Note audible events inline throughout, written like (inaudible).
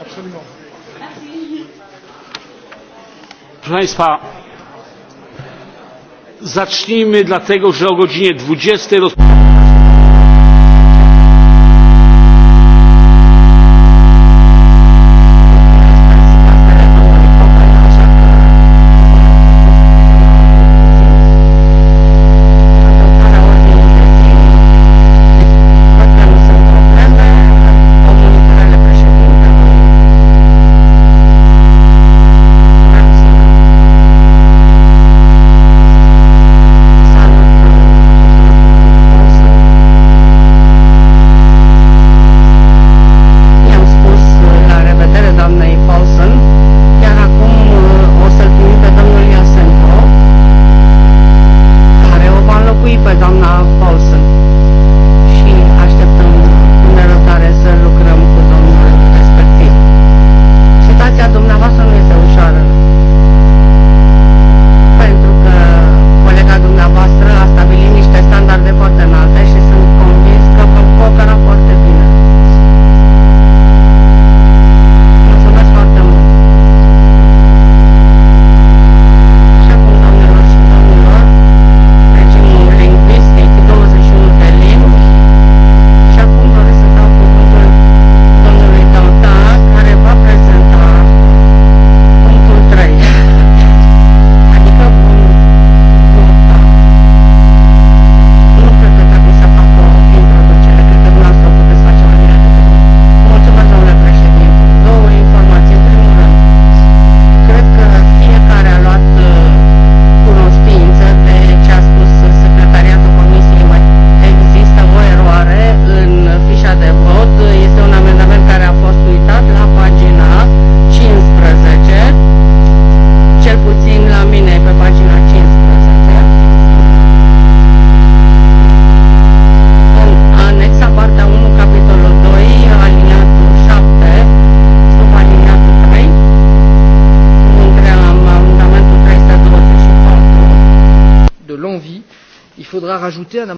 absolument. Proszę Państwa, zacznijmy dlatego, że o godzinie 20 rozpoczynamy.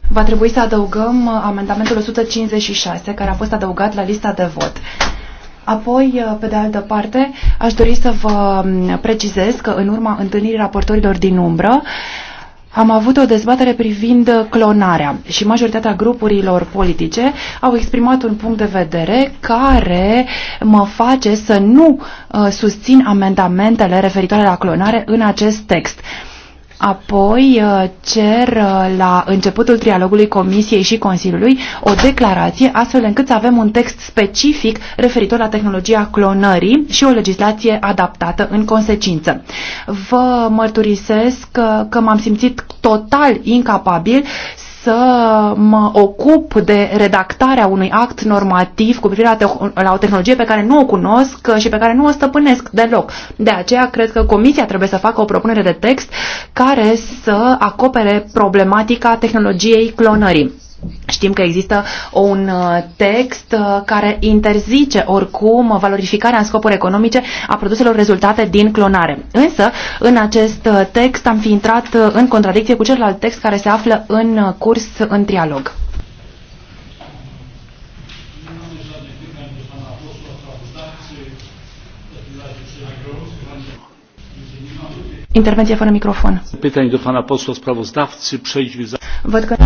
Va trebui să adăugăm uh, amendamentul 156, care a fost adăugat la lista de vot. Apoi, uh, pe de altă parte, aș dori să vă um, precizez că în urma întâlnirii raportorilor din umbră, am avut o dezbatere privind clonarea și majoritatea grupurilor politice au exprimat un punct de vedere care mă face să nu uh, susțin amendamentele referitoare la clonare în acest text. Apoi uh, cer uh, la începutul trialogului Comisiei și Consiliului o declarație astfel încât să avem un text specific referitor la tehnologia clonării și o legislație adaptată în consecință. Vă mărturisesc uh, că, m-am simțit total incapabil să mă ocup de redactarea unui act normativ cu privire la, te- la o tehnologie pe care nu o cunosc și pe care nu o stăpânesc deloc. De aceea cred că comisia trebuie să facă o propunere de text care să acopere problematica tehnologiei clonării. Știm că există un uh, text uh, care interzice oricum valorificarea în scopuri economice a produselor rezultate din clonare. Însă, în acest uh, text am fi intrat în contradicție cu celălalt text care se află în curs în trialog. Intervenție fără microfon. Văd că...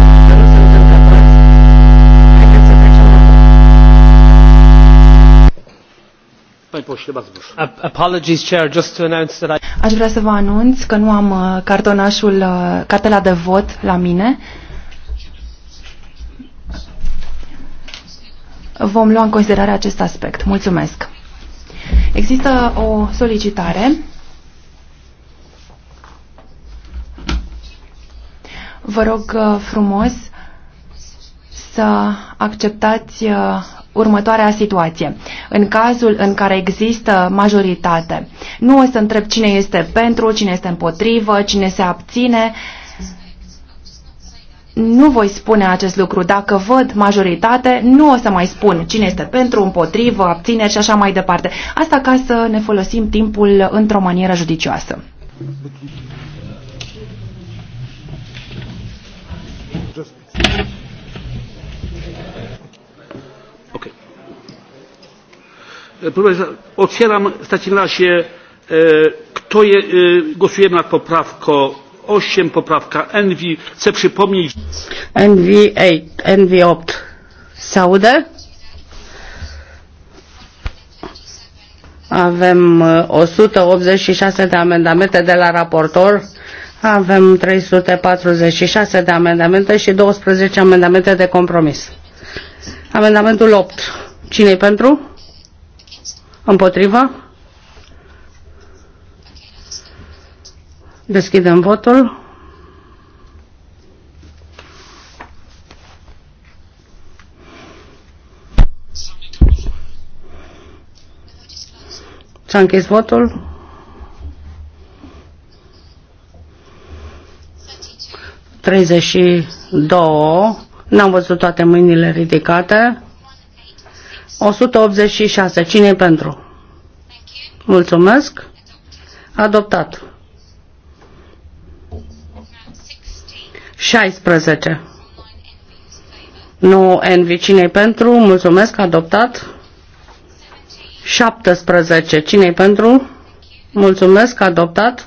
Aș vrea să vă anunț că nu am uh, cartonașul, uh, cartela de vot la mine. Vom lua în considerare acest aspect. Mulțumesc. Există o solicitare. Vă rog uh, frumos să acceptați următoarea situație. În cazul în care există majoritate, nu o să întreb cine este pentru, cine este împotrivă, cine se abține. Nu voi spune acest lucru. Dacă văd majoritate, nu o să mai spun cine este pentru, împotrivă, abțineri și așa mai departe. Asta ca să ne folosim timpul într-o manieră judicioasă. Just... otwieram w takim razie kto je, głosujemy nad poprawką 8 poprawka Envi chcę przypomnieć Envi 8 Envi opt. Saude Avem 186 de amendamente de la raportor, avem 346 de amendamente și 12 amendamente de compromis. Amendamentul 8. Cine-i pentru? Împotrivă? Deschidem votul. S-a închis votul. Treizeci și două. N-am văzut toate mâinile ridicate. 186. Cine pentru? Mulțumesc. Adoptat. 16. 9 Envy. cine pentru? Mulțumesc. Adoptat. 17. cine pentru? Mulțumesc. Adoptat.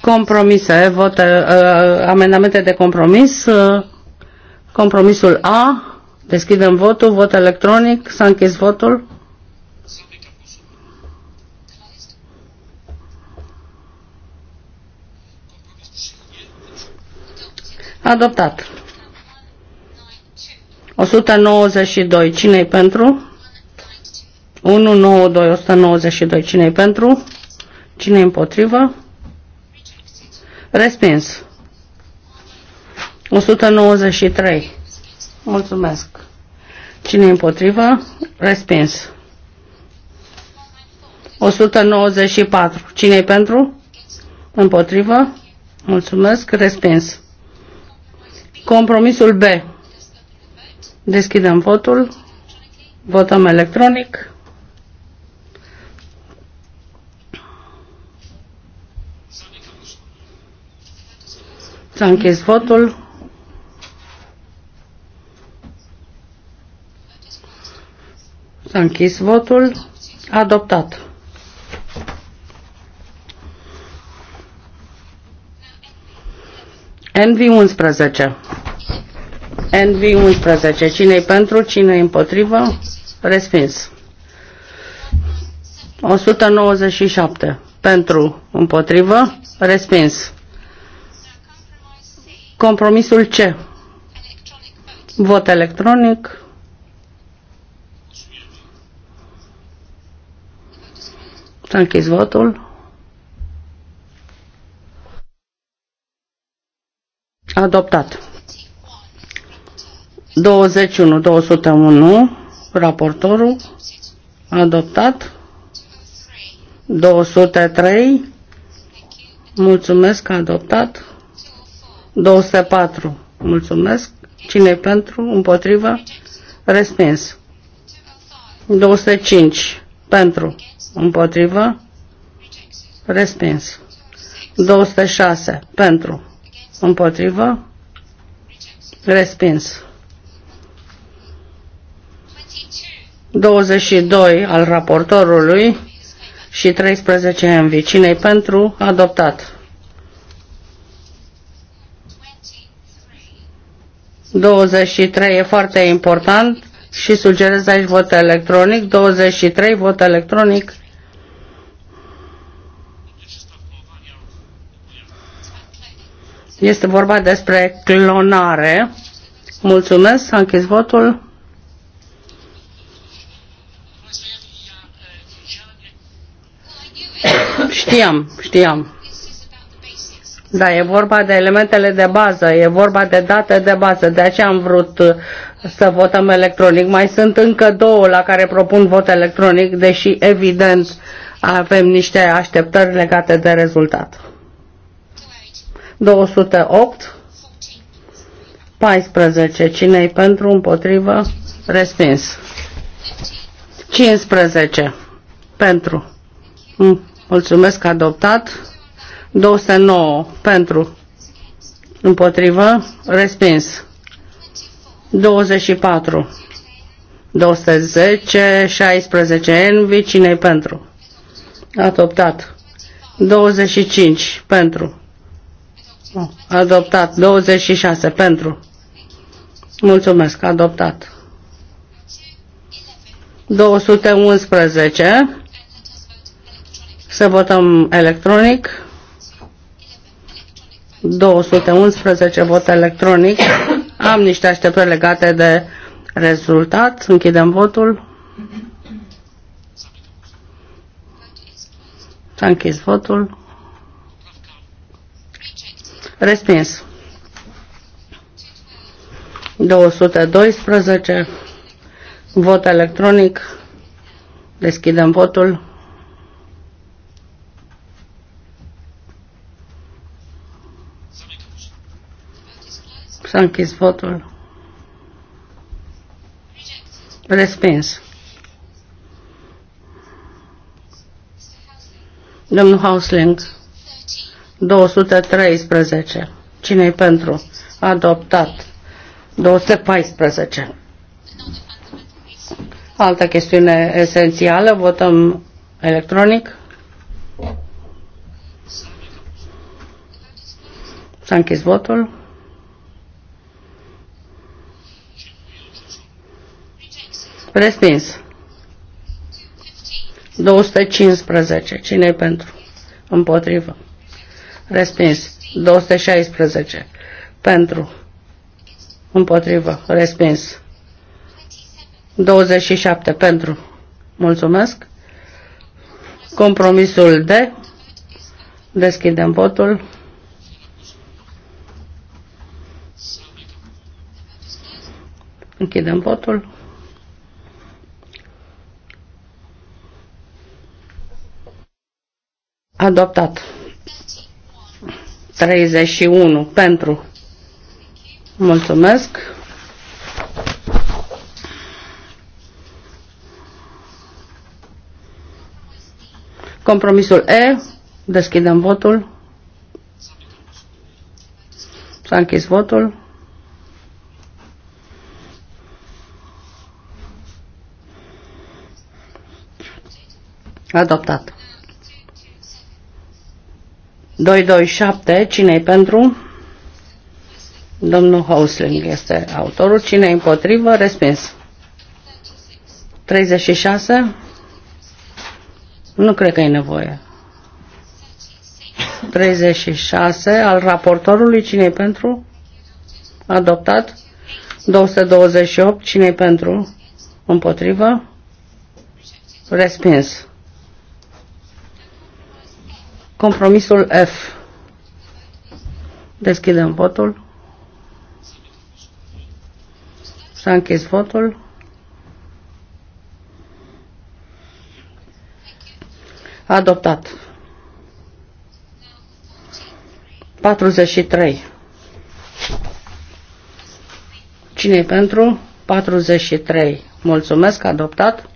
Compromise. Vote, uh, amendamente de compromis. Uh, compromisul A. Deschidem votul, vot electronic, s-a închis votul. Adoptat. 192. cine e pentru? 2, 192. cine e pentru? cine e împotrivă? Respins. 193. Mulțumesc. Cine împotrivă? Respins. 194. cine pentru? Împotrivă? Mulțumesc. Respins. Compromisul B. Deschidem votul. Votăm electronic. S-a închis votul. S-a închis votul. Adoptat. NV11. NV11. Cine-i pentru, cine-i împotrivă? Respins. 197. Pentru, împotrivă? Respins. Compromisul C. Vot electronic. S-a închis votul. Adoptat. 21, 201, raportorul, adoptat. 203, mulțumesc, adoptat. 204, mulțumesc. cine pentru? Împotrivă? Respins. 205, pentru împotrivă, respins. 206 pentru, împotrivă, respins. 22 al raportorului și 13 în vicinei pentru adoptat. 23 e foarte important și sugerez aici vot electronic. 23 vot electronic. Este vorba despre clonare. Mulțumesc, s-a închis votul. Știam, știam. Da, e vorba de elementele de bază, e vorba de date de bază, de aceea am vrut uh, să votăm electronic. Mai sunt încă două la care propun vot electronic, deși evident avem niște așteptări legate de rezultat. 208, 14. cine e pentru, împotrivă, respins. 15. Pentru. Mm, mulțumesc, adoptat. 209. Pentru. Împotrivă, respins. 24. 210, 16 envi, cine pentru? Adoptat. 25 pentru. Adoptat. 26 pentru. Mulțumesc. Adoptat. 211. Să votăm electronic. 211 vot electronic. Am niște așteptări legate de rezultat. Închidem votul. S-a închis votul. Respins. 212. Vot electronic. Deschidem votul. S-a închis votul. Respins. Domnul Hausling. 213. Cine-i pentru? Adoptat. 214. Altă chestiune esențială, votăm electronic. S-a închis votul. Respins. 215. Cine e pentru? Împotrivă respins. 216 pentru, împotrivă, respins. 27 pentru, mulțumesc. Compromisul de deschidem votul. Închidem votul. Adoptat. 31 pentru. Mulțumesc. Compromisul E. Deschidem votul. S-a închis votul. Adoptat. 227, cine-i pentru? Domnul Hausling este autorul. Cine împotrivă? Respins. 36. Nu cred că e nevoie. 36 al raportorului. cine pentru? Adoptat. 228. cine pentru? Împotrivă? Respins. Compromisul F. Deschidem votul. S-a închis votul. Adoptat. 43. Cine e pentru? 43. Mulțumesc, adoptat.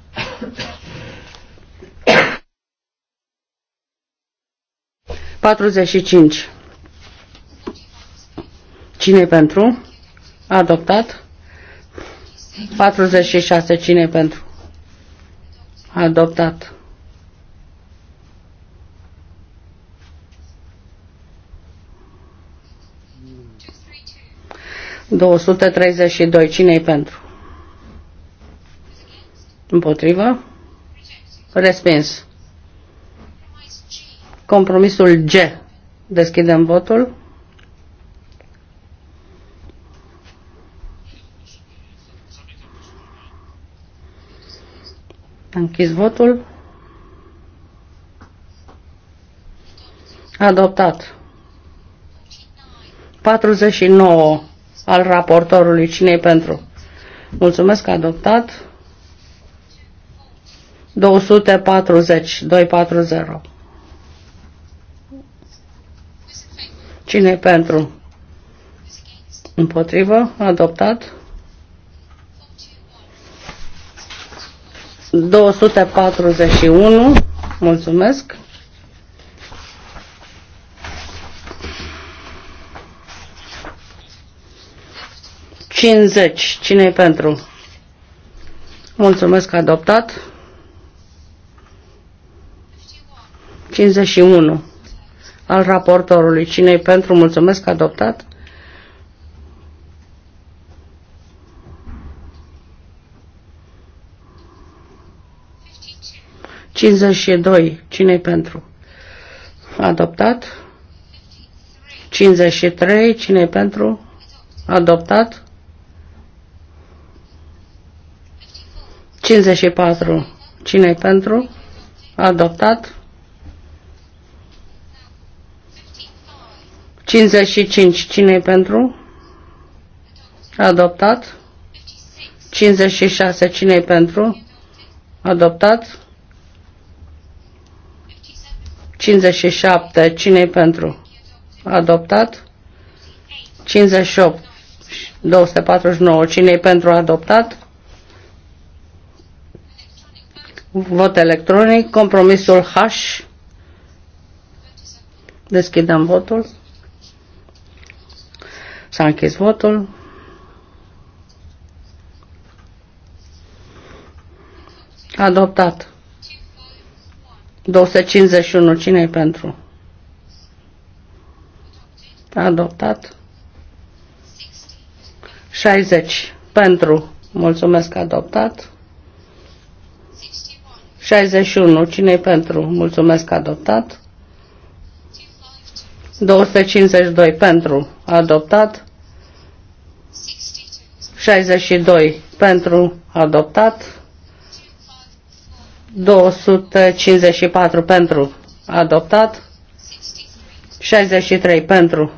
45. cine pentru? Adoptat. 46. cine pentru? Adoptat. Două sute treizeci și doi. cine e pentru? Împotrivă? Respins. Compromisul G. Deschidem votul. închis votul. Adoptat. 49 al raportorului. cine pentru? Mulțumesc, adoptat. 240, 240. Cine e pentru? Împotrivă? Adoptat? 241. Mulțumesc. Cincizeci. cine e pentru? Mulțumesc, adoptat. 51 al raportorului. Cine pentru? Mulțumesc, adoptat. Cincizeci doi. cine pentru? Adoptat. 53. cine pentru? Adoptat. 54. cine pentru? Adoptat. 55. Cine e pentru? Adoptat. 56. Cine e pentru? Adoptat. 57. Cine e pentru? Adoptat. 58. 249. Cine e pentru adoptat? Vot electronic. Compromisul H. Deschidem votul. S-a închis votul. Adoptat. 251. cine e pentru? Adoptat. 60. Pentru. Mulțumesc, adoptat. 61. cine e pentru? Mulțumesc, adoptat. 252. Pentru. Adoptat. 62 pentru adoptat, 254 pentru adoptat, 63 pentru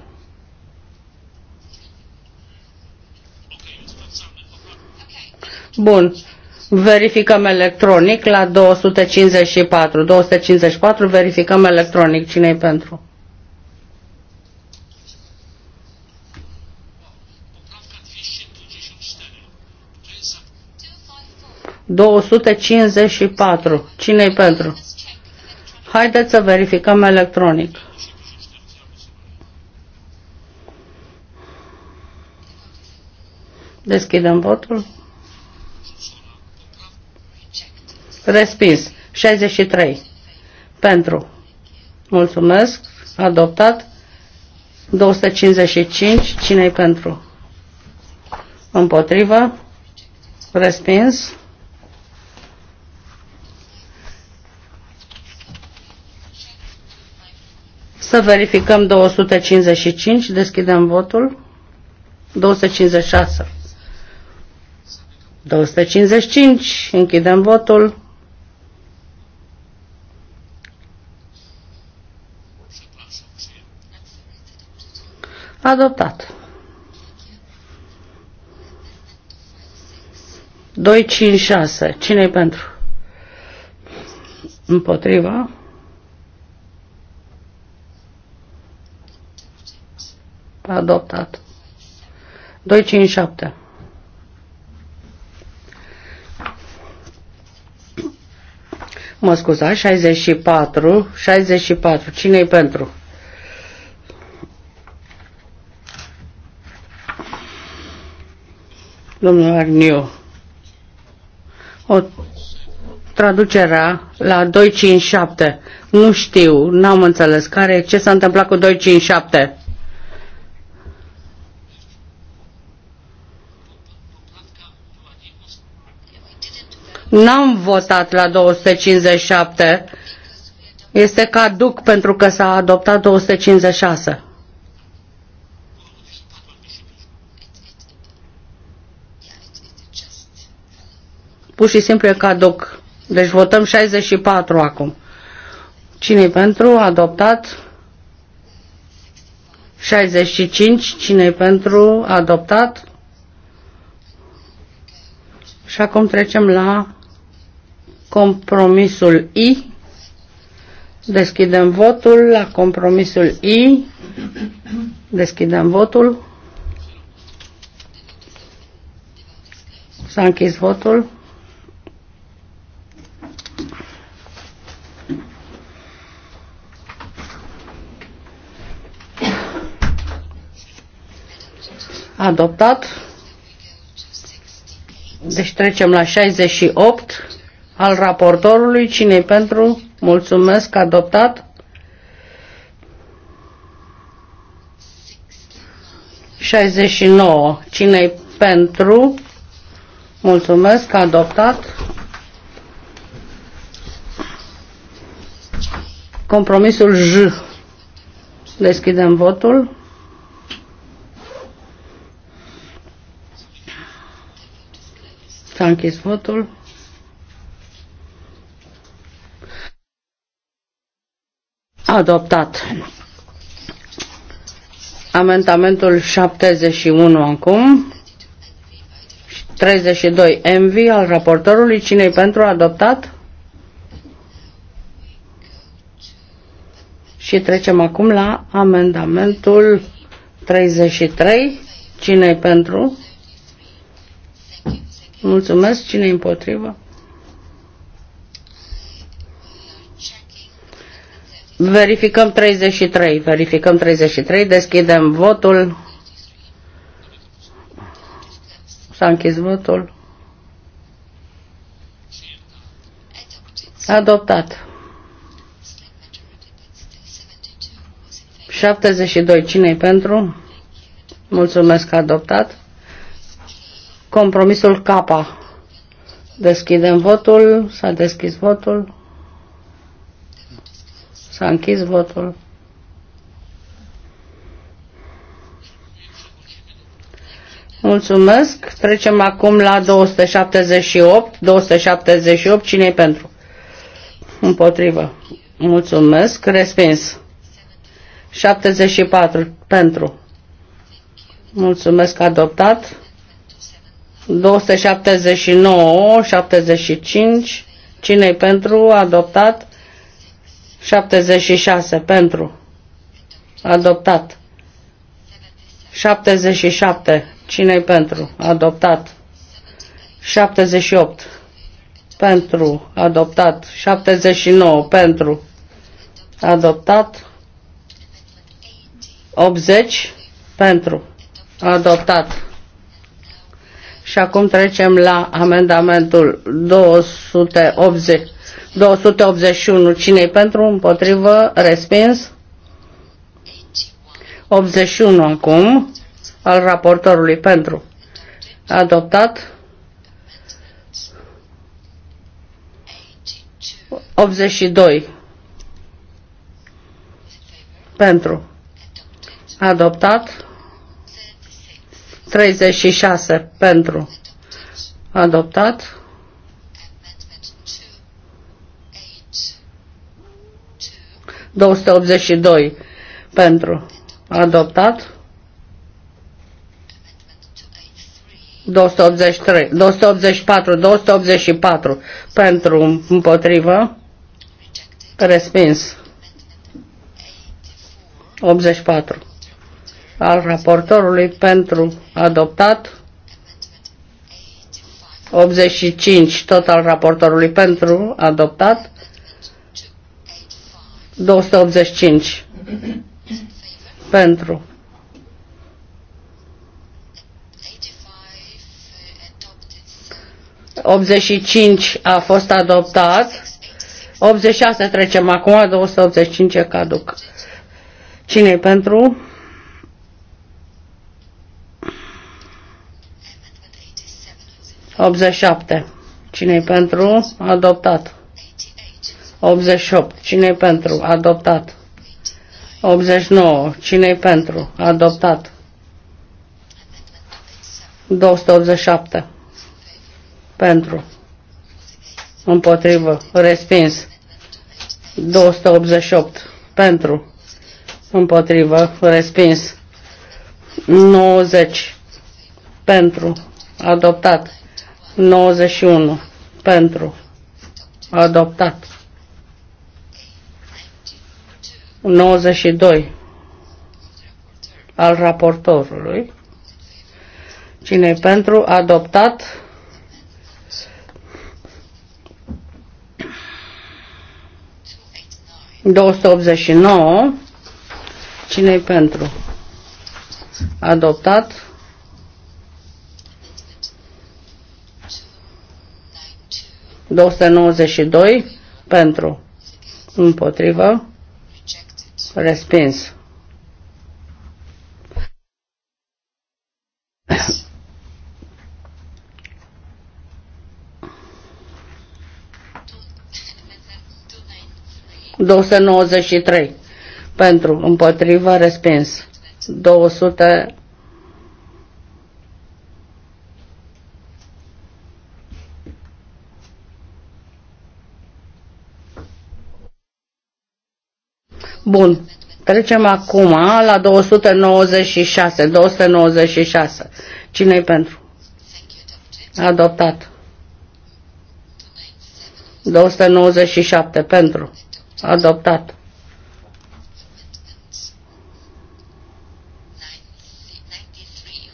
Bun. Verificăm electronic la 254. 254 verificăm electronic. Cine-i pentru? 254. cine e pentru? Haideți să verificăm electronic. Deschidem votul. Respins. 63. Pentru. Mulțumesc. Adoptat. 255. cine e pentru? Împotrivă. Respins. Să verificăm 255, deschidem votul. 256. 255, închidem votul. Adoptat. 256. cine e pentru? Împotriva? adoptat. 257. Mă scuza. 64, 64, cine-i pentru? Domnul Arniu, o traducerea la 257, nu știu, n-am înțeles care, ce s-a întâmplat cu 257? N-am votat la 257. Este caduc pentru că s-a adoptat 256. Pur și simplu e caduc. Deci votăm 64 acum. cine pentru? Adoptat. 65. cine pentru? Adoptat. Și acum trecem la Compromisul I. Deschidem votul la compromisul I. Deschidem votul. S-a închis votul. Adoptat. Deci trecem la 68 al raportorului. cine pentru? Mulțumesc, adoptat. 69. cine pentru? Mulțumesc, adoptat. Compromisul J. Deschidem votul. S-a închis votul. Adoptat. Amendamentul 71 acum. 32 MV al raportorului. cine pentru adoptat? Și trecem acum la amendamentul 33. cine pentru? Mulțumesc. cine împotrivă? Verificăm 33, verificăm 33, deschidem votul. S-a închis votul. Adoptat. 72, cine pentru? Mulțumesc că adoptat. Compromisul K. Deschidem votul, s-a deschis votul. S-a închis votul. Mulțumesc. Trecem acum la 278. 278. cine pentru? Împotrivă. Mulțumesc. Respins. 74. Pentru. Mulțumesc. Adoptat. 279, 75. cine pentru? Adoptat. 76 pentru. Adoptat. 77. cine pentru? Adoptat. 78. Pentru. Adoptat. 79. Pentru. Adoptat. 80. Pentru. Adoptat. Și acum trecem la amendamentul 280. 281. Cine-i pentru? Împotrivă? Respins? 81 acum al raportorului pentru. Adoptat? 82 pentru. Adoptat? 36 pentru. Adoptat? 282 pentru adoptat. 283, 284, 284 pentru împotrivă, respins. 84 al raportorului pentru adoptat. 85 tot al raportorului pentru adoptat. 285 pentru. 85 a fost adoptat. 86 trecem acum, 285 e caduc. Cine pentru? șapte. Cine pentru? Adoptat. 88. Cine-i pentru? Adoptat. 89. Cine-i pentru? Adoptat. 287. Pentru. Împotrivă. Respins. 288. Pentru. Împotrivă. Respins. 90. Pentru. Adoptat. 91. Pentru. Adoptat. 92 al raportorului. Cine pentru adoptat două cine pentru? Adoptat. 292, pentru. Împotrivă. Respins. trei pentru împotrivă respins. 200 Bun. Trecem acum la 296. 296. cine e pentru? Adoptat. 297 pentru. Adoptat.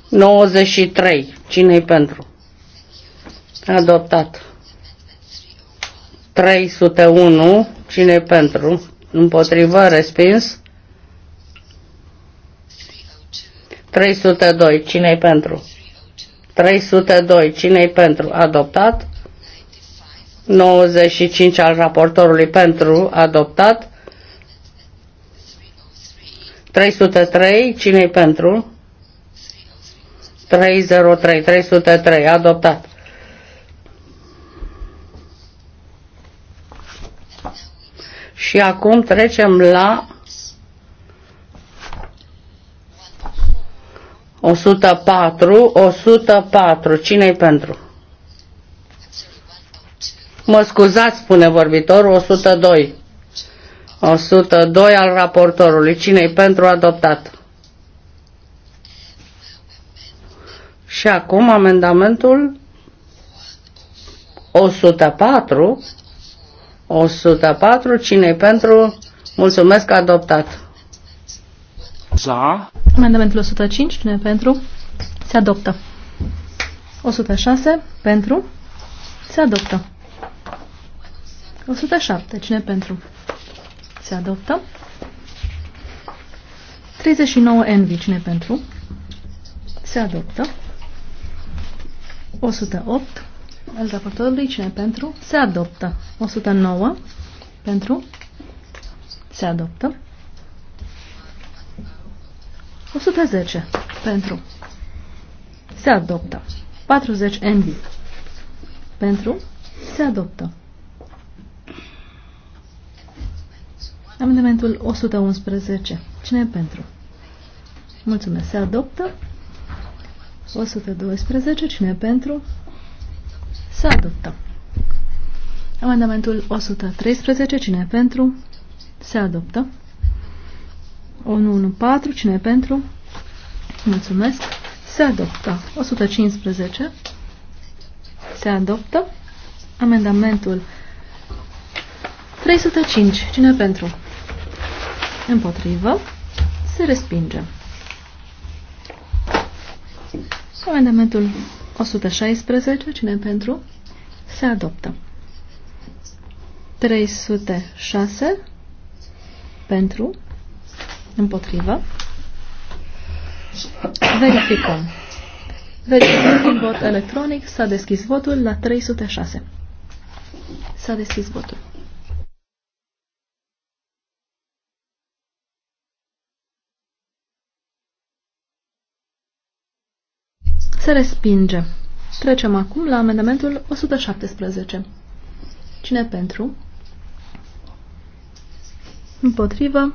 93. Cine-i pentru? Adoptat. 301. Cine-i pentru? împotriva respins. 302, cine pentru? 302, cine pentru? Adoptat. 95 al raportorului pentru, adoptat. 303, cine pentru? 303, 303, adoptat. Și acum trecem la 104, 104. Cine-i pentru? Mă scuzați, spune vorbitorul, 102. 102 al raportorului. Cine-i pentru adoptat? Și acum amendamentul 104 104. cine pentru? Mulțumesc, adoptat. Za. Amendamentul 105. cine pentru? Se adoptă. 106. Pentru? Se adoptă. 107. Cine pentru? Se adoptă. 39 Envy. Cine pentru? Se adoptă. 108 al de Cine pentru? Se adoptă. 109 pentru? Se adoptă. 110 pentru? Se adoptă. 40 NB pentru? Se adoptă. Amendamentul 111. Cine e pentru? Mulțumesc. Se adoptă. 112. Cine e pentru? Se adoptă. Amendamentul 113. Cine e pentru? Se adoptă. 114. Cine e pentru? Mulțumesc. Se adoptă. 115. Se adoptă. Amendamentul 305. Cine pentru? Împotrivă. Se respinge. Amendamentul 116, cine pentru? Se adoptă. 306 pentru, împotrivă. Verificăm. Verificăm prin vot electronic. S-a deschis votul la 306. S-a deschis votul. Se respinge. Trecem acum la amendamentul 117. Cine pentru? Împotrivă.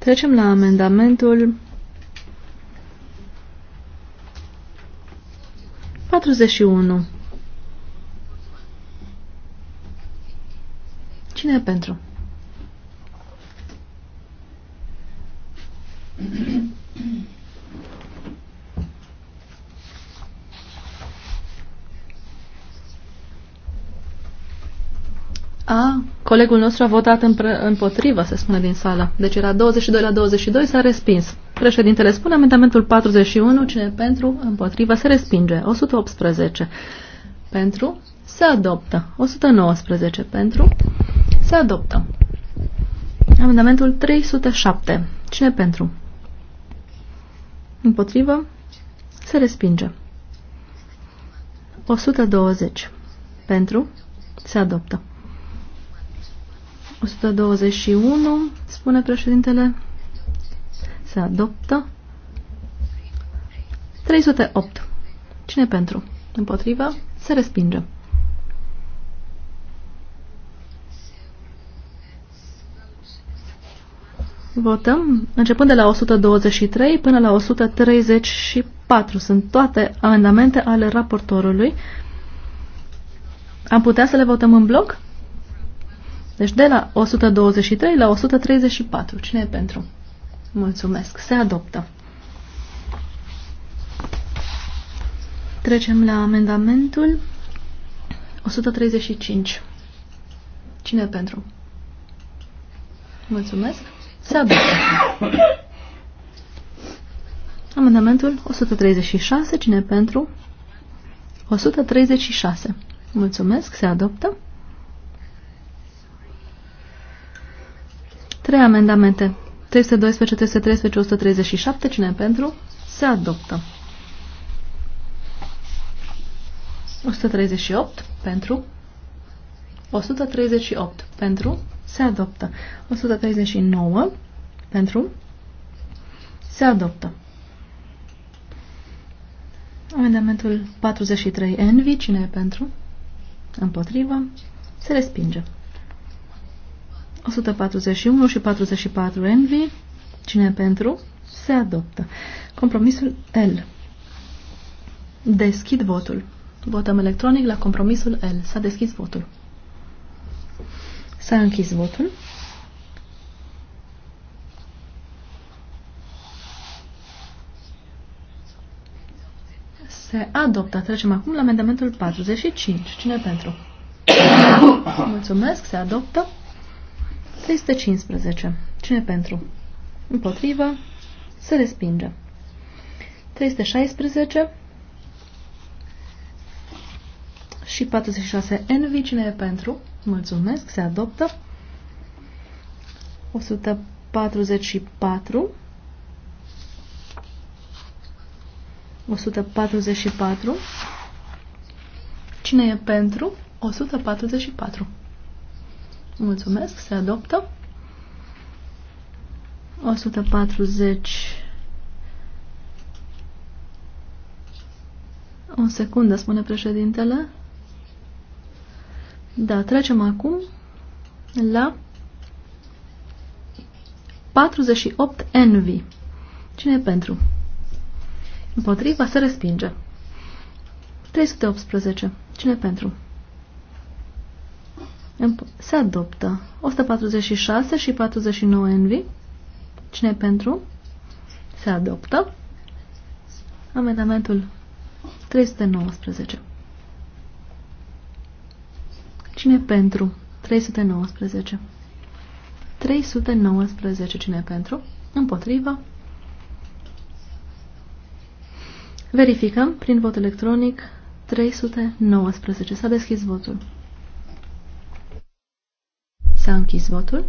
Trecem la amendamentul 41. Cine e pentru? Colegul nostru a votat împotrivă, se spune din sală. Deci era 22 la 22, s-a respins. Președintele spune amendamentul 41, cine pentru, împotrivă, se respinge. 118 pentru, se adoptă. 119 pentru, se adoptă. Amendamentul 307, cine pentru? Împotrivă, se respinge. 120 pentru, se adoptă. 121, spune președintele, se adoptă. 308. Cine pentru? Împotrivă? Se respinge. Votăm începând de la 123 până la 134. Sunt toate amendamente ale raportorului. Am putea să le votăm în bloc? Deci de la 123 la 134. Cine e pentru? Mulțumesc. Se adoptă. Trecem la amendamentul 135. Cine e pentru? Mulțumesc. Se adoptă. Amendamentul 136. Cine e pentru? 136. Mulțumesc. Se adoptă. Trei amendamente. 312, 313, 137. Cine e pentru? Se adoptă. 138 pentru. 138 pentru. Se adoptă. 139 pentru. Se adoptă. Amendamentul 43 Envi. Cine e pentru? Împotrivă. Se respinge. 141 și 44 Envy. Cine pentru? Se adoptă. Compromisul L. Deschid votul. Votăm electronic la compromisul L. S-a deschis votul. S-a închis votul. Se adoptă. Trecem acum la amendamentul 45. Cine pentru? (coughs) Mulțumesc. Se adoptă. 315. Cine pentru? Împotrivă. Se respinge. 316 și 46 envi. Cine e pentru? Mulțumesc. Se adoptă. 144 144 Cine e pentru? 144 Mulțumesc, se adoptă. 140 O secundă, spune președintele. Da, trecem acum la 48 Envy. Cine e pentru? Împotriva se respinge. 318. Cine e pentru? Se adoptă. 146 și 49 envi. Cine pentru? Se adoptă. Amendamentul 319. Cine pentru? 319. 319. Cine pentru? Împotriva. Verificăm prin vot electronic 319. S-a deschis votul. S-a închis votul.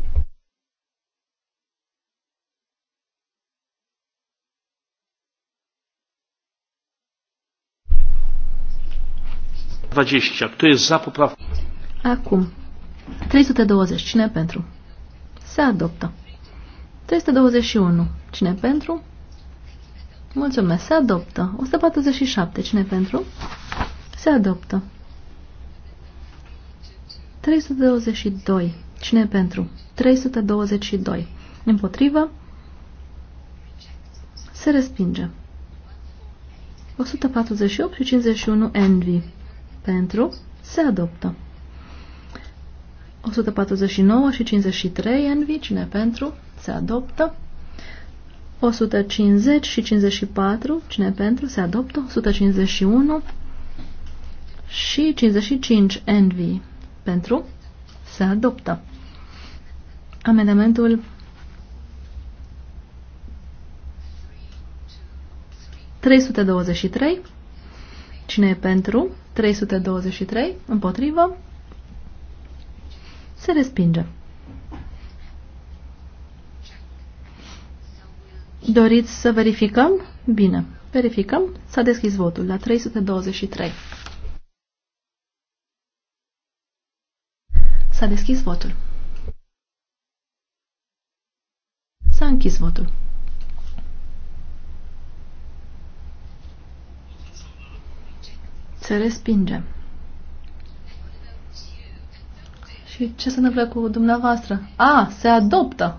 Acum. 320. Cine pentru? Se adoptă. 321. Cine pentru? Mulțumesc. Se adoptă. 147. Cine pentru? Se adoptă. 322. Cine pentru? 322. Împotrivă? Se respinge. 148 și 51 envy. Pentru? Se adoptă. 149 și 53 envy. Cine pentru? Se adoptă. 150 și 54. Cine pentru? Se adoptă. 151 și 55 envy. Pentru? Se adoptă. Amendamentul 323. Cine e pentru? 323. Împotrivă. Se respinge. Doriți să verificăm? Bine. Verificăm. S-a deschis votul la 323. S-a deschis votul. închis votul. Se respinge. Și ce se întâmplă cu dumneavoastră? A, se adoptă.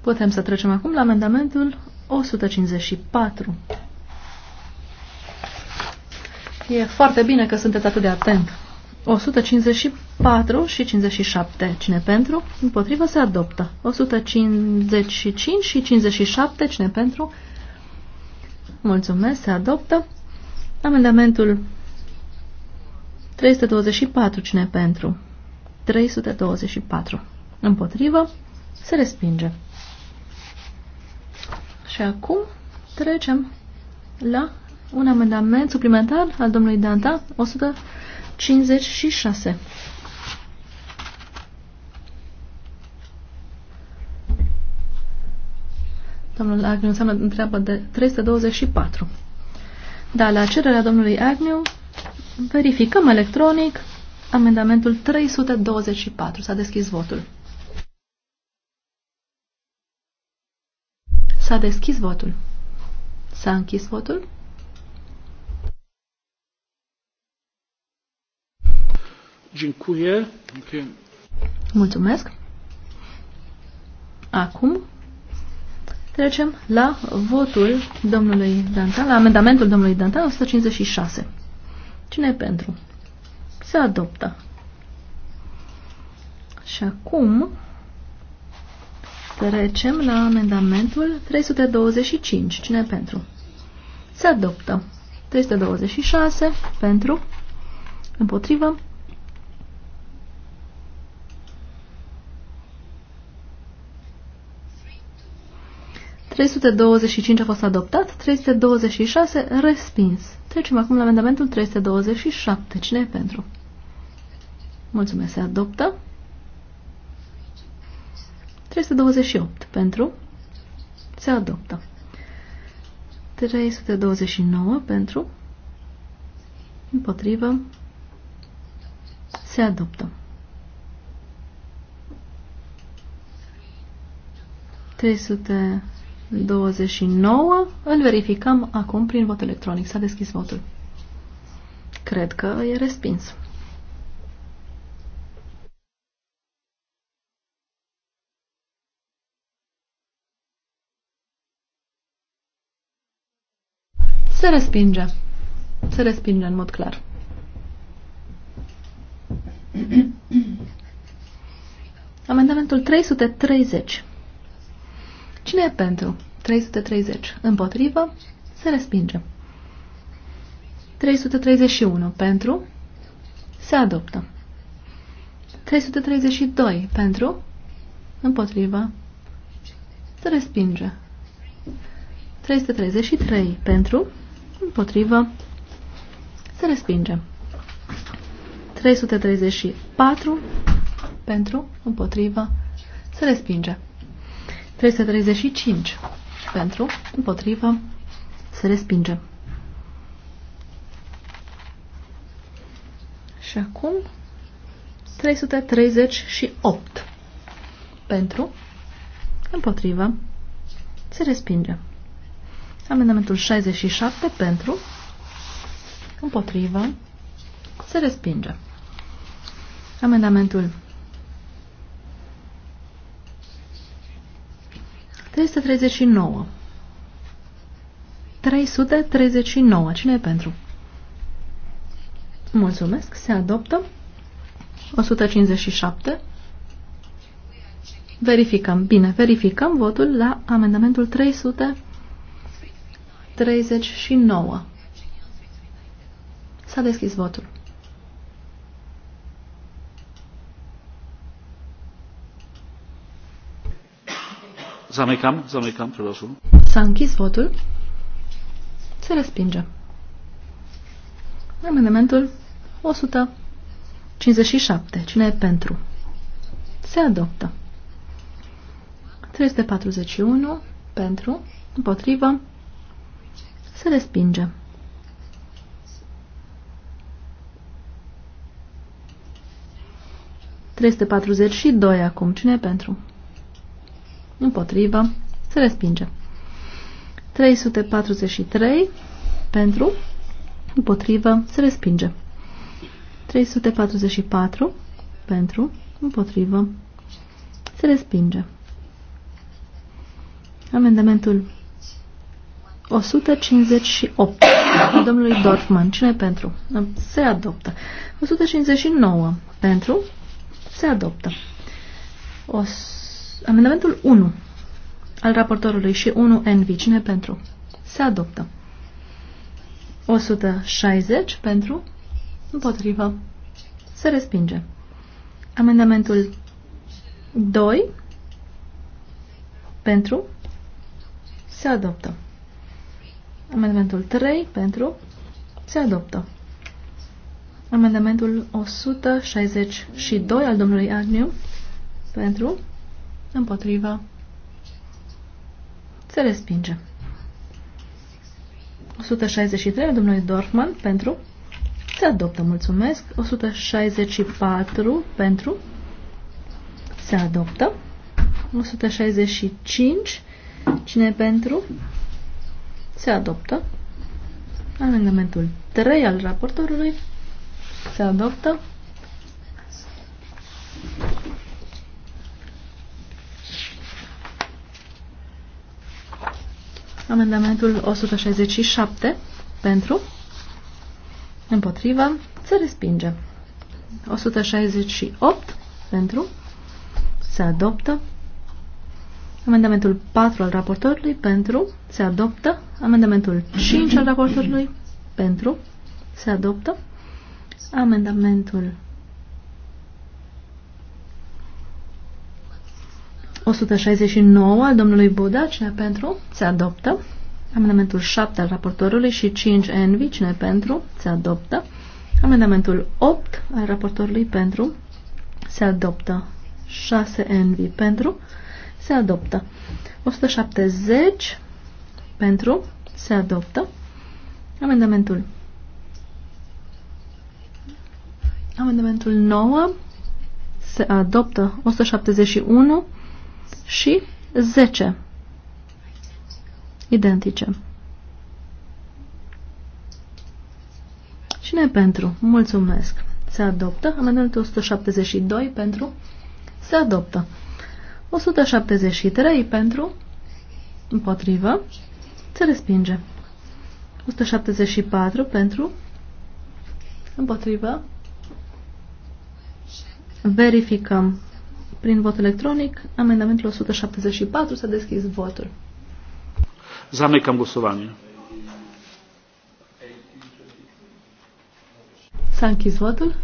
Putem să trecem acum la amendamentul 154. E foarte bine că sunteți atât de atent. 154 și 57. Cine pentru? Împotrivă se adoptă. 155 și 57. Cine pentru? Mulțumesc, se adoptă. Amendamentul 324. Cine pentru? 324. Împotrivă se respinge. Și acum trecem la un amendament suplimentar al domnului Danta 100. 56. Domnul Agnew înseamnă întreabă de 324. Da, la cererea domnului Agnew verificăm electronic amendamentul 324. S-a deschis votul. S-a deschis votul. S-a închis votul. Dziękuję. Mulțumesc. Acum trecem la votul domnului Dantan, la amendamentul domnului Dantan 156. Cine e pentru? Se adoptă. Și acum trecem la amendamentul 325. Cine e pentru? Se adoptă. 326 pentru, împotrivă, 325 a fost adoptat, 326 respins. Trecem acum la amendamentul 327. Cine e pentru? Mulțumesc, se adoptă. 328 pentru. Se adoptă. 329 pentru. Împotrivă. Se adoptă. 300 29. Îl verificăm acum prin vot electronic. S-a deschis votul. Cred că e respins. Se respinge. Se respinge în mod clar. Amendamentul 330. Cine e pentru? 330. Împotrivă? Se respinge. 331. Pentru? Se adoptă. 332. Pentru? Împotrivă? Se respinge. 333. Pentru? Împotrivă? Se respinge. 334. Pentru? Împotrivă? Se respinge. 335 pentru, împotrivă, se respinge. Și acum 338 pentru, împotrivă, se respinge. Amendamentul 67 pentru, împotrivă, se respinge. Amendamentul 339. 339. Cine e pentru? Mulțumesc. Se adoptă. 157. Verificăm. Bine, verificăm votul la amendamentul 339. S-a deschis votul. Zamecam, zamecam, prelasul. S-a închis votul. Se respinge. Amendamentul 157. Cine e pentru? Se adoptă. 341 pentru, împotrivă, se respinge. patruzeci și doi acum. Cine e pentru? împotrivă, se respinge. 343 pentru, împotrivă, se respinge. 344 pentru, împotrivă, se respinge. Amendamentul 158 domnului Dorfman. Cine pentru? Se adoptă. 159 pentru? Se adoptă. 100 Amendamentul 1 al raportorului și 1 NV. Cine pentru? Se adoptă. 160 pentru? Împotrivă. Se respinge. Amendamentul 2 pentru? Se adoptă. Amendamentul 3 pentru? Se adoptă. Amendamentul 162 al domnului Agniu pentru? Împotriva. Se respinge. 163, domnului Dorfman, pentru. Se adoptă, mulțumesc. 164, pentru. Se adoptă. 165, cine pentru? Se adoptă. Amendamentul 3 al raportorului se adoptă. Amendamentul 167 pentru, împotrivă, se respinge. 168 pentru, se adoptă. Amendamentul 4 al raportorului pentru, se adoptă. Amendamentul 5 al raportorului pentru, se adoptă. Amendamentul 169 al domnului Buda, cine pentru? Se adoptă. Amendamentul 7 al raportorului și 5 Envi, cine pentru? Se adoptă. Amendamentul 8 al raportorului pentru? Se adoptă. 6 Envi pentru? Se adoptă. 170 pentru? Se adoptă. Amendamentul Amendamentul 9 se adoptă 171 și 10 identice. Cine pentru? Mulțumesc. Se adoptă. Amendamentul 172 pentru. Se adoptă. 173 pentru. Împotrivă. Se respinge. 174 pentru. Împotrivă. Verificăm prin vot electronic. Amendamentul 174 s-a deschis votul. Zamykam głosowanie. S-a închis votul.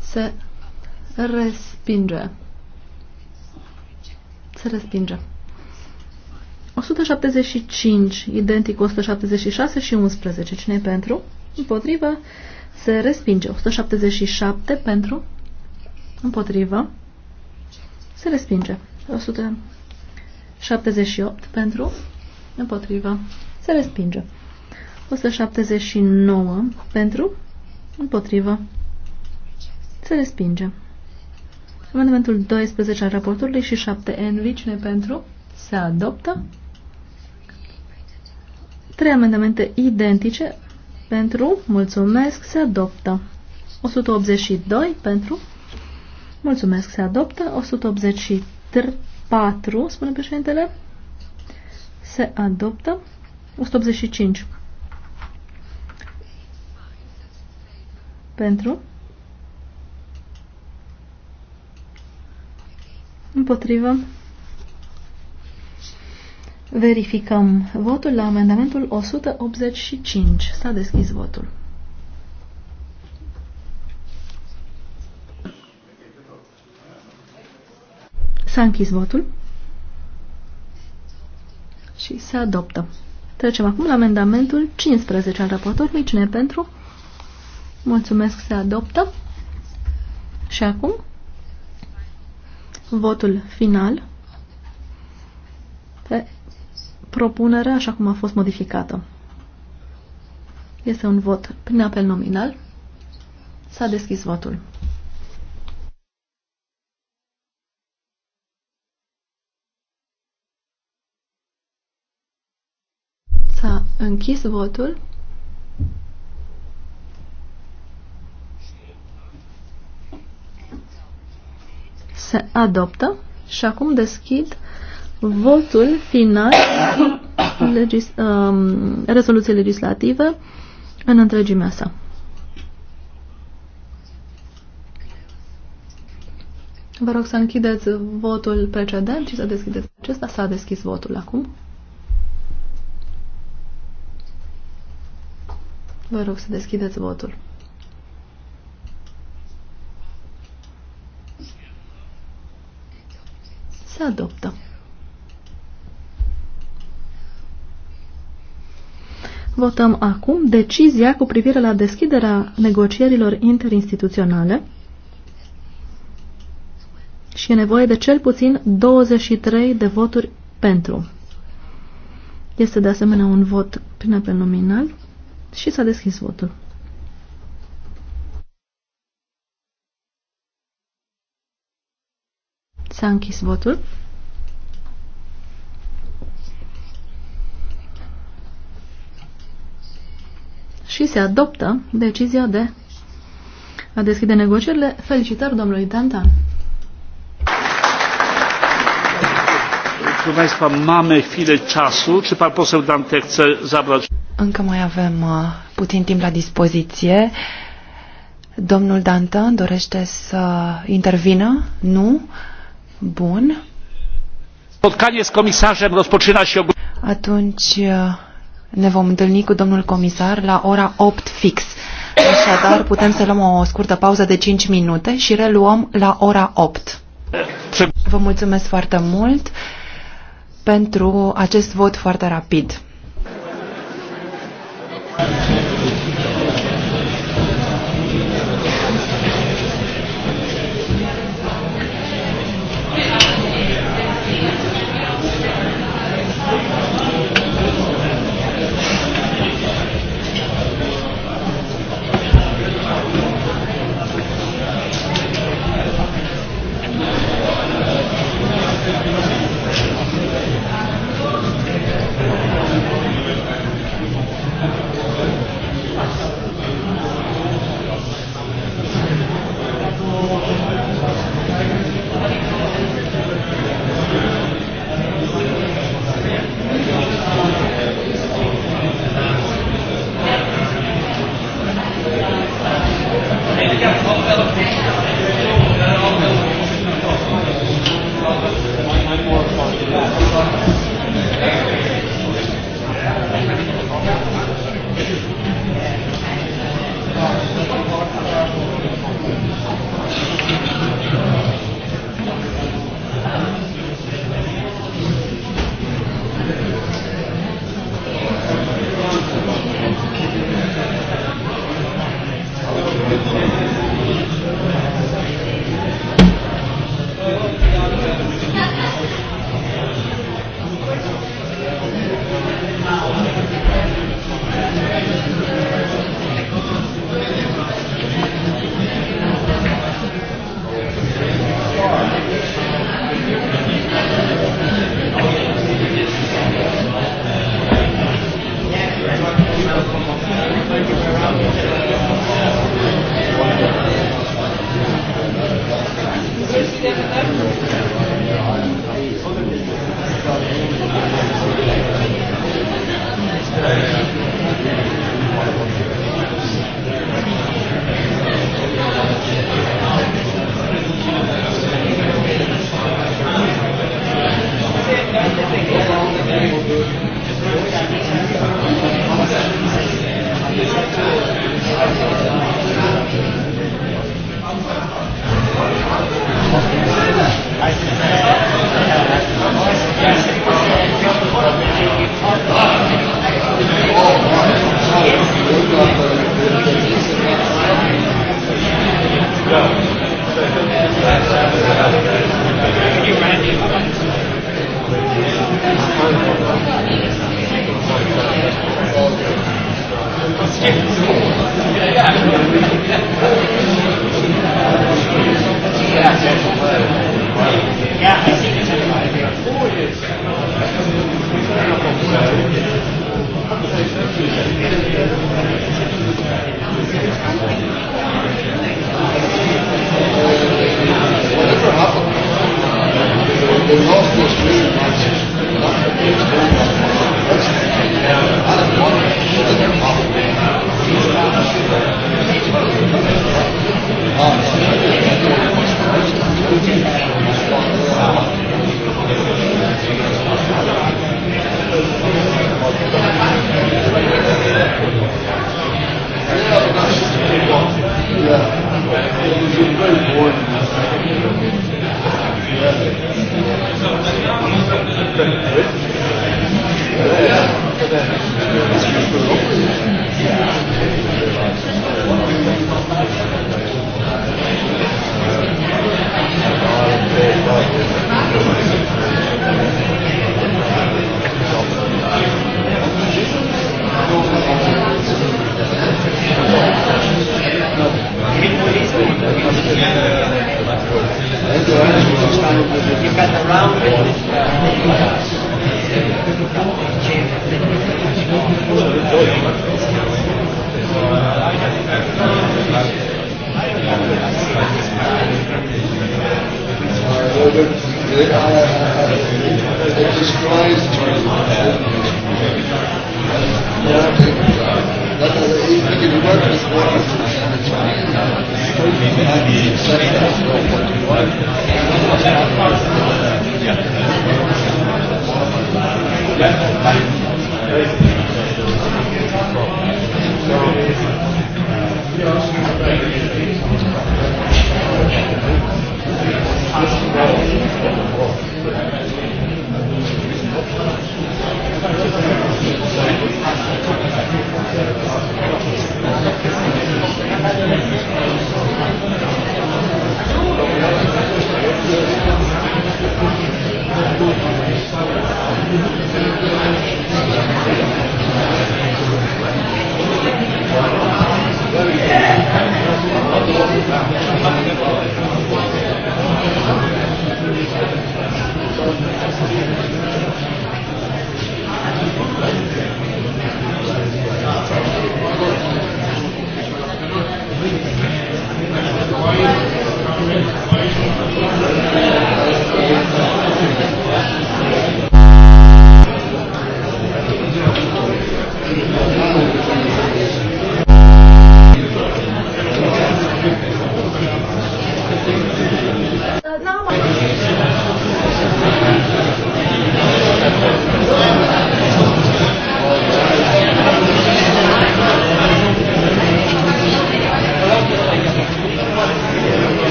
Se respinge. Se respinge. 175, identic 176 și 11. Cine e pentru? Împotrivă. Se respinge. 177 pentru. Împotrivă. Se respinge. 178 pentru. Împotrivă. Se respinge. 179 pentru. Împotrivă. Se respinge. Amendamentul 12 al raportului și 7 envi, Vicine pentru? Se adoptă. Trei amendamente identice pentru, mulțumesc, se adoptă. 182 pentru, Mulțumesc, se adoptă. 184, spune președintele. Se adoptă. 185. Pentru. Împotrivă. Verificăm votul la amendamentul 185. S-a deschis votul. S-a închis votul și se adoptă. Trecem acum la amendamentul 15 al raportorului. Cine pentru? Mulțumesc, se adoptă. Și acum votul final pe propunerea așa cum a fost modificată. Este un vot prin apel nominal. S-a deschis votul. închis votul. Se adoptă și acum deschid votul final legis, uh, rezoluției legislative în întregimea sa. Vă rog să închideți votul precedent și să deschideți acesta. S-a deschis votul acum. Vă rog să deschideți votul. Se adoptă. Votăm acum decizia cu privire la deschiderea negocierilor interinstituționale și e nevoie de cel puțin 23 de voturi pentru. Este de asemenea un vot prin apel nominal și s-a deschis votul. S-a închis votul. Și se adoptă decizia de a deschide negocierile. Felicitări domnului Tantan. Proszę Państwa, mamy chwilę czasu. Czy Pan poseł Dantek chce zabrać? Încă mai avem uh, puțin timp la dispoziție. Domnul Danton dorește să intervină? Nu? Bun. Spotkanie z komisarzem rozpoczyna się... Atunci uh, ne vom întâlni cu domnul comisar la ora 8 fix. Așadar, putem să luăm o scurtă pauză de 5 minute și reluăm la ora 8. Vă mulțumesc foarte mult pentru acest vot foarte rapid. Amen.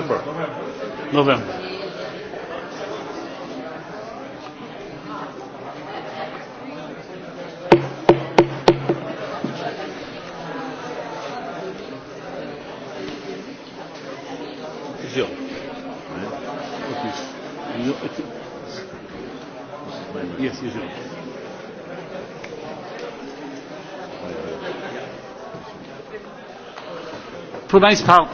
November. November. Yes, yes, yes. Proszę Państwa,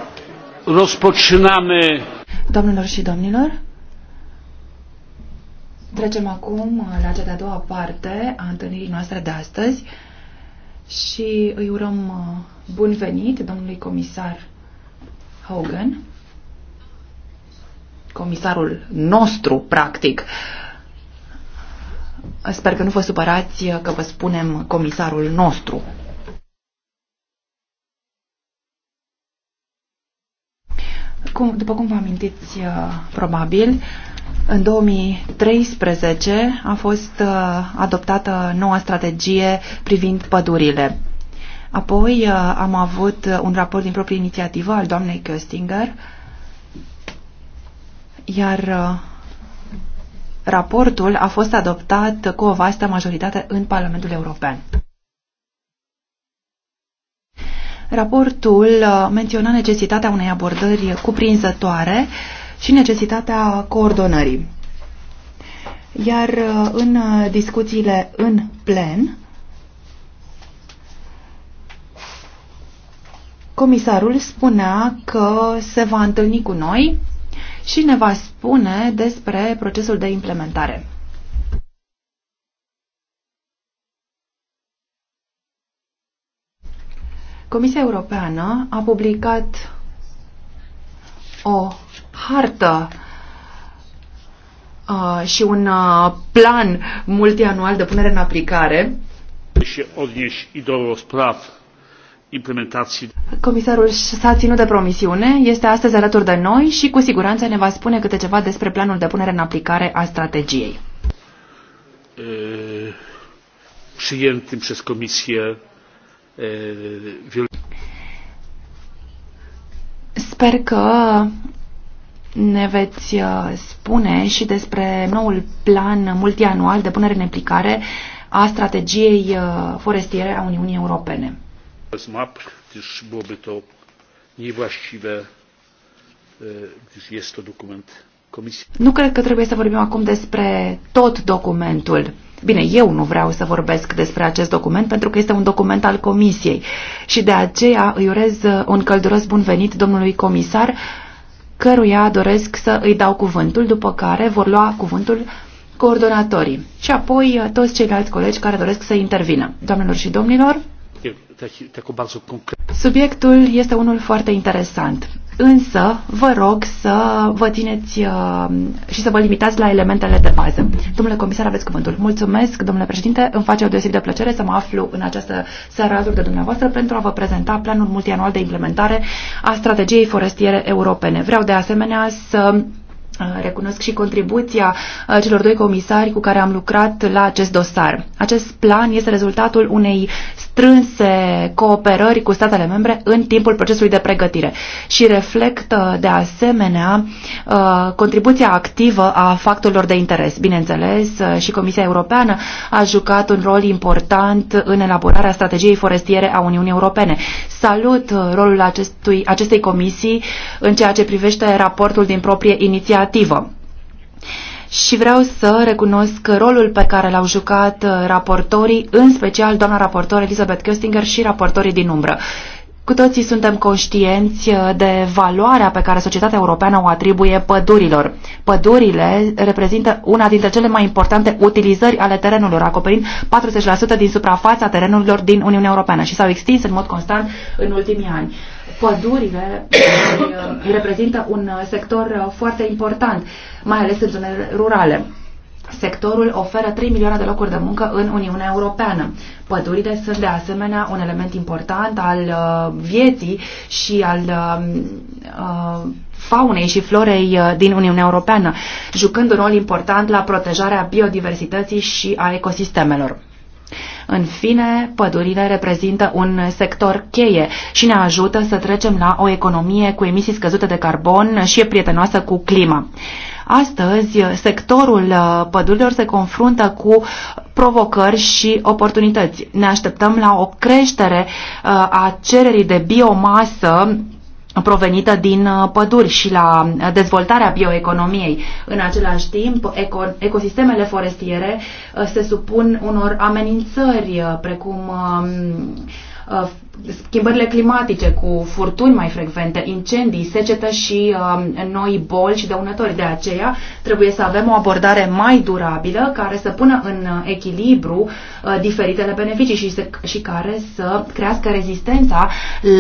rozpoczynamy. Domnilor și domnilor, trecem acum la cea de-a doua parte a întâlnirii noastre de astăzi și îi urăm uh, bun venit domnului comisar Hogan, comisarul nostru, practic. Sper că nu vă supărați că vă spunem comisarul nostru. Cum, după cum vă amintiți, uh, probabil, în 2013 a fost uh, adoptată noua strategie privind pădurile. Apoi uh, am avut un raport din proprie inițiativă al doamnei Köstinger, iar raportul a fost adoptat cu o vastă majoritate în Parlamentul European. Raportul uh, menționa necesitatea unei abordări cuprinzătoare și necesitatea coordonării. Iar uh, în uh, discuțiile în plen, comisarul spunea că se va întâlni cu noi și ne va spune despre procesul de implementare. Comisia Europeană a publicat o hartă uh, și un uh, plan multianual de punere în aplicare. Comisarul s-a ținut de promisiune, este astăzi alături de noi și cu siguranță ne va spune câte ceva despre planul de punere în aplicare a strategiei. E, przyjętym przez Komisję Eh, Sper că ne veți eh, spune și despre noul plan multianual de punere în aplicare a strategiei eh, forestiere a Uniunii Europene. Nu cred că trebuie să vorbim acum despre tot documentul. Bine, eu nu vreau să vorbesc despre acest document pentru că este un document al Comisiei și de aceea îi urez uh, un călduros bun venit domnului comisar căruia doresc să îi dau cuvântul, după care vor lua cuvântul coordonatorii și apoi uh, toți ceilalți colegi care doresc să intervină. Doamnelor și domnilor, subiectul este unul foarte interesant însă vă rog să vă țineți uh, și să vă limitați la elementele de bază. Domnule comisar, aveți cuvântul. Mulțumesc, domnule președinte, îmi face o deosebită plăcere să mă aflu în această seară alături de dumneavoastră pentru a vă prezenta planul multianual de implementare a strategiei forestiere europene. Vreau de asemenea să uh, Recunosc și contribuția uh, celor doi comisari cu care am lucrat la acest dosar. Acest plan este rezultatul unei strânse cooperări cu statele membre în timpul procesului de pregătire și reflectă de asemenea uh, contribuția activă a factorilor de interes. Bineînțeles, uh, și Comisia Europeană a jucat un rol important în elaborarea strategiei forestiere a Uniunii Europene. Salut uh, rolul acestui, acestei comisii în ceea ce privește raportul din proprie inițiativă și vreau să recunosc rolul pe care l-au jucat uh, raportorii, în special doamna raportor Elizabeth Köstinger și raportorii din umbră. Cu toții suntem conștienți uh, de valoarea pe care societatea europeană o atribuie pădurilor. Pădurile reprezintă una dintre cele mai importante utilizări ale terenurilor, acoperind 40% din suprafața terenurilor din Uniunea Europeană și s-au extins în mod constant în ultimii ani pădurile uh, reprezintă un uh, sector uh, foarte important, mai ales în zonele rurale. Sectorul oferă 3 milioane de locuri de muncă în Uniunea Europeană. Pădurile sunt de asemenea un element important al vieții și al faunei și florei din Uniunea Europeană, jucând un rol important la protejarea biodiversității și a ecosistemelor. În fine, pădurile reprezintă un sector cheie și ne ajută să trecem la o economie cu emisii scăzute de carbon și e prietenoasă cu clima. Astăzi, sectorul uh, pădurilor se confruntă cu provocări și oportunități. Ne așteptăm la o creștere uh, a cererii de biomasă provenită din uh, păduri și la uh, dezvoltarea bioeconomiei. În același timp, eco, ecosistemele forestiere uh, se supun unor amenințări precum um, schimbările climatice cu furtuni mai frecvente, incendii, secetă și um, noi boli și dăunători. De aceea trebuie să avem o abordare mai durabilă care să pună în uh, echilibru uh, diferitele beneficii și, să, și care să crească rezistența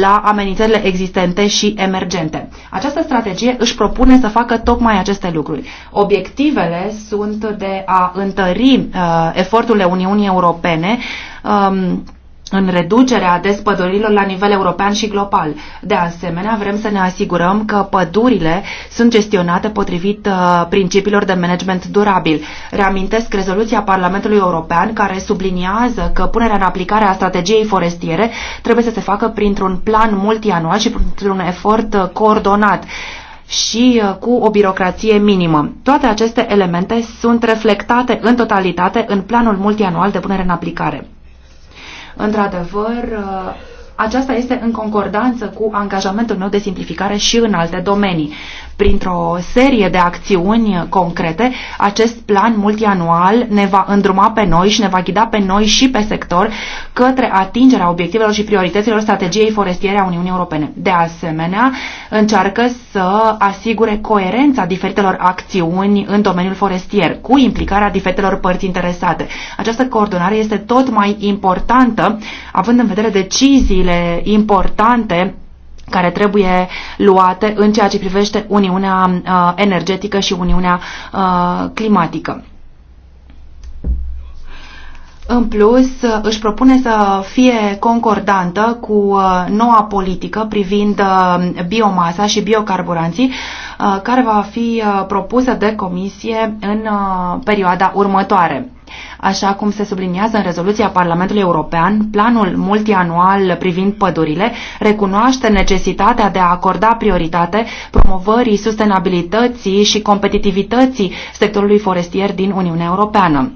la amenințările existente și emergente. Această strategie își propune să facă tocmai aceste lucruri. Obiectivele sunt de a întări uh, eforturile Uniunii Europene um, în reducerea despădurilor la nivel european și global. De asemenea, vrem să ne asigurăm că pădurile sunt gestionate potrivit uh, principiilor de management durabil. Reamintesc rezoluția Parlamentului European care subliniază că punerea în aplicare a strategiei forestiere trebuie să se facă printr-un plan multianual și printr-un efort uh, coordonat și uh, cu o birocrație minimă. Toate aceste elemente sunt reflectate în totalitate în planul multianual de punere în aplicare. Într-adevăr, uh, aceasta este în concordanță cu angajamentul meu de simplificare și în alte domenii. Printr-o serie de acțiuni concrete, acest plan multianual ne va îndruma pe noi și ne va ghida pe noi și pe sector către atingerea obiectivelor și priorităților strategiei forestiere a Uniunii Europene. De asemenea, încearcă să asigure coerența diferitelor acțiuni în domeniul forestier, cu implicarea diferitelor părți interesate. Această coordonare este tot mai importantă, având în vedere deciziile importante care trebuie luate în ceea ce privește Uniunea uh, Energetică și Uniunea uh, Climatică. În plus, își propune să fie concordantă cu uh, noua politică privind uh, biomasa și biocarburanții, uh, care va fi propusă de comisie în perioada următoare. Așa cum se subliniază în rezoluția Parlamentului European, planul multianual privind pădurile recunoaște necesitatea de a acorda prioritate promovării sustenabilității și competitivității sectorului forestier din Uniunea Europeană.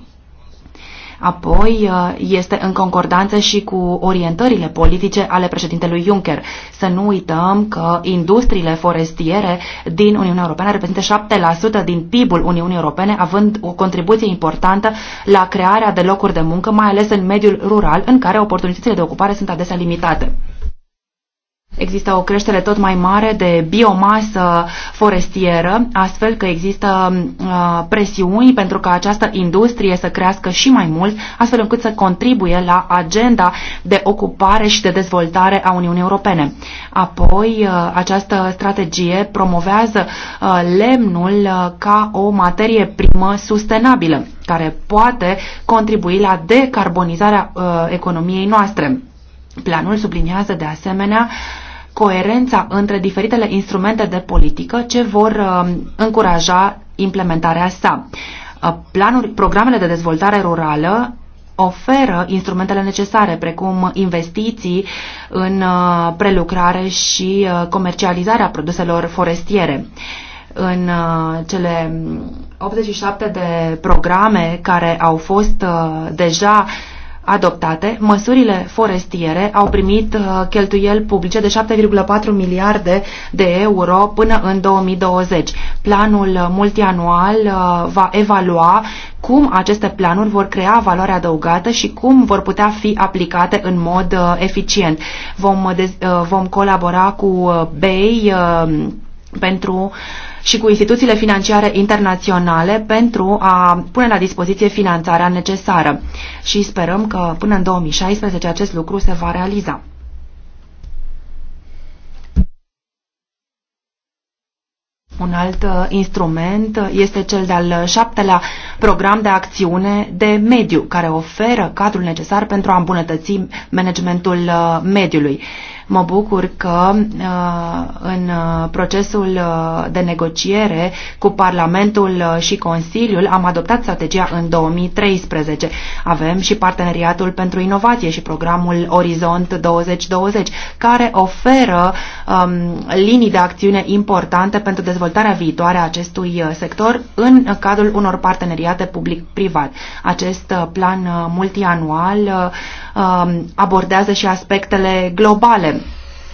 Apoi, uh, este în concordanță și cu orientările politice ale președintelui Juncker. Să nu uităm că industriile forestiere din Uniunea Europeană reprezintă 7% din PIB-ul Uniunii Europene, având o contribuție importantă la crearea de locuri de muncă, mai ales în mediul rural, în care oportunitățile de ocupare sunt adesea limitate. Există o creștere tot mai mare de biomasă forestieră, astfel că există uh, presiuni pentru ca această industrie să crească și mai mult, astfel încât să contribuie la agenda de ocupare și de dezvoltare a Uniunii Europene. Apoi, uh, această strategie promovează uh, lemnul ca o materie primă sustenabilă, care poate contribui la decarbonizarea economiei noastre Planul subliniază de asemenea coerența între diferitele instrumente de politică ce vor uh, încuraja implementarea sa. Uh, planuri, programele de dezvoltare rurală oferă instrumentele necesare, precum investiții în uh, prelucrare și comercializarea produselor forestiere. În cele 87 mm, de programe care au fost deja uh, adoptate, măsurile forestiere au primit uh, cheltuieli publice de 7,4 miliarde de euro până în 2020. Planul multianual uh, va evalua cum aceste planuri vor crea valoare adăugată și cum vor putea fi aplicate în mod uh, eficient. Vom, vom colabora cu BEI pentru și cu instituțiile financiare internaționale pentru a pune la dispoziție finanțarea necesară. Și sperăm că până în 2016 acest lucru se va realiza. Un alt uh, instrument uh, este cel de-al uh, șaptelea program de acțiune de mediu, care oferă cadrul necesar pentru a îmbunătăți managementul mediului. Mă bucur că uh, în uh, procesul uh, de negociere cu Parlamentul și Consiliul am adoptat strategia în 2013. Avem și parteneriatul pentru inovație și programul Orizont 2020, care oferă um, linii de acțiune importante pentru dezvoltarea viitoare a acestui sector în cadrul unor parteneriate public-privat. Acest plan multianual um, abordează și aspectele globale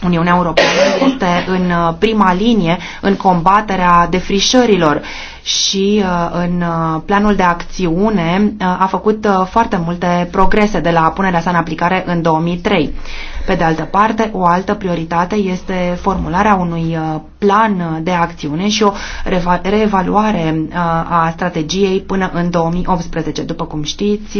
Uniunea Europeană este în uh, prima linie în combaterea defrișărilor și uh, în uh, planul de acțiune a făcut foarte multe progrese de la punerea sa în aplicare în 2003. Pe de altă parte, o altă prioritate este formularea unui uh, plan de acțiune și o reevaluare uh, a strategiei până în 2018. După cum știți,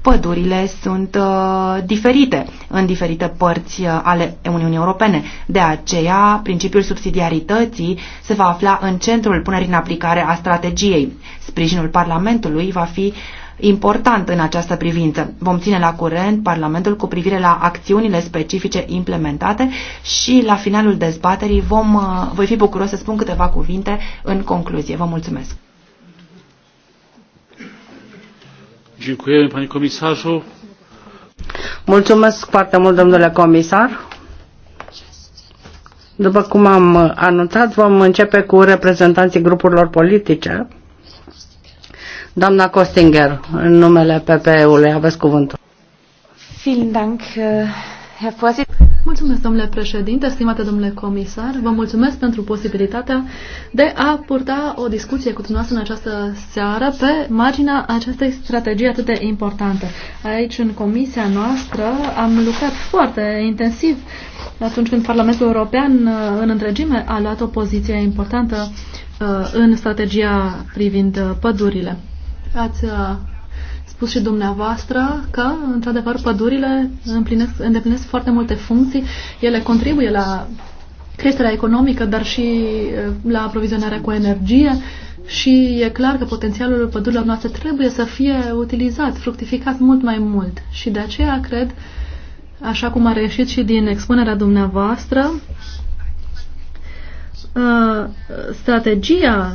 pădurile sunt uh, diferite în diferite părți ale Uniunii Europene. De aceea, principiul subsidiarității se va afla în centrul punerii în aplicare a strategiei. Sprijinul Parlamentului va fi uh, important în această privință. Vom ține la curent Parlamentul cu privire la acțiunile specifice implementate și la finalul dezbaterii vom, uh, voi fi bucuros să spun câteva cuvinte în concluzie. Vă mulțumesc! Mulțumesc foarte mult, domnule comisar. După cum am anunțat, vom începe cu reprezentanții grupurilor politice. Doamna Costinger, în numele PPE-ului, aveți cuvântul. Vielen Dank, uh, Herr Vorsitz. Mulțumesc, domnule președinte, stimate domnule comisar. Vă mulțumesc pentru posibilitatea de a purta o discuție cu dumneavoastră în această seară pe marginea acestei strategii atât de importante. Aici, în comisia noastră, am lucrat foarte intensiv atunci când Parlamentul European, uh, în întregime, a luat o poziție importantă uh, în strategia privind pădurile. Ați uh, spus și dumneavoastră că, într-adevăr, pădurile îndeplinesc foarte multe funcții. Ele contribuie la creșterea economică, dar și uh, la aprovizionarea cu energie și e clar că potențialul pădurilor noastre trebuie să fie utilizat, fructificat mult mai mult. Și de aceea cred, așa cum a reușit și din expunerea dumneavoastră, uh, strategia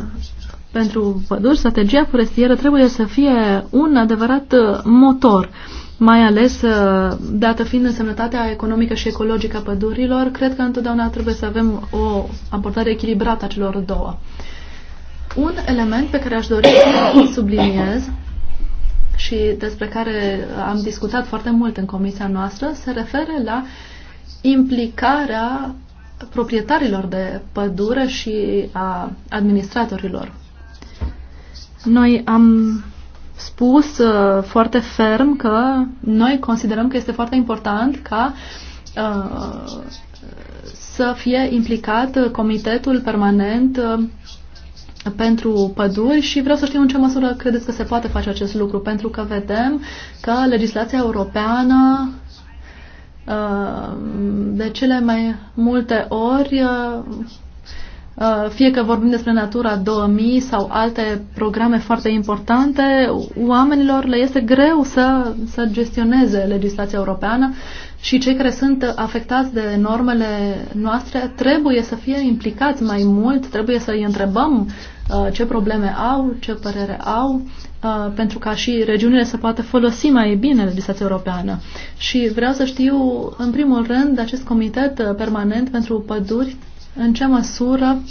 pentru păduri, strategia forestieră trebuie să fie un adevărat uh, motor, mai ales uh, dată fiind însemnătatea economică și ecologică a pădurilor, cred că întotdeauna trebuie să avem o abordare echilibrată a celor două. Un element pe care aș dori să subliniez și despre care am discutat foarte mult în comisia noastră se referă la implicarea proprietarilor de pădure și a administratorilor noi am spus uh, foarte ferm că noi considerăm că este foarte important ca uh, să fie implicat Comitetul Permanent uh, pentru păduri și vreau să știu în ce măsură credeți că se poate face acest lucru, pentru că vedem că legislația europeană uh, de cele mai multe ori uh, Uh, fie că vorbim despre Natura 2000 sau alte programe foarte importante, oamenilor le este greu să, să gestioneze legislația europeană și cei care sunt afectați de normele noastre trebuie să fie implicați mai mult, trebuie să îi întrebăm uh, ce probleme au, ce părere au, uh, pentru ca și regiunile să poată folosi mai bine legislația europeană. Și vreau să știu, în primul rând, acest comitet permanent pentru păduri în ce măsură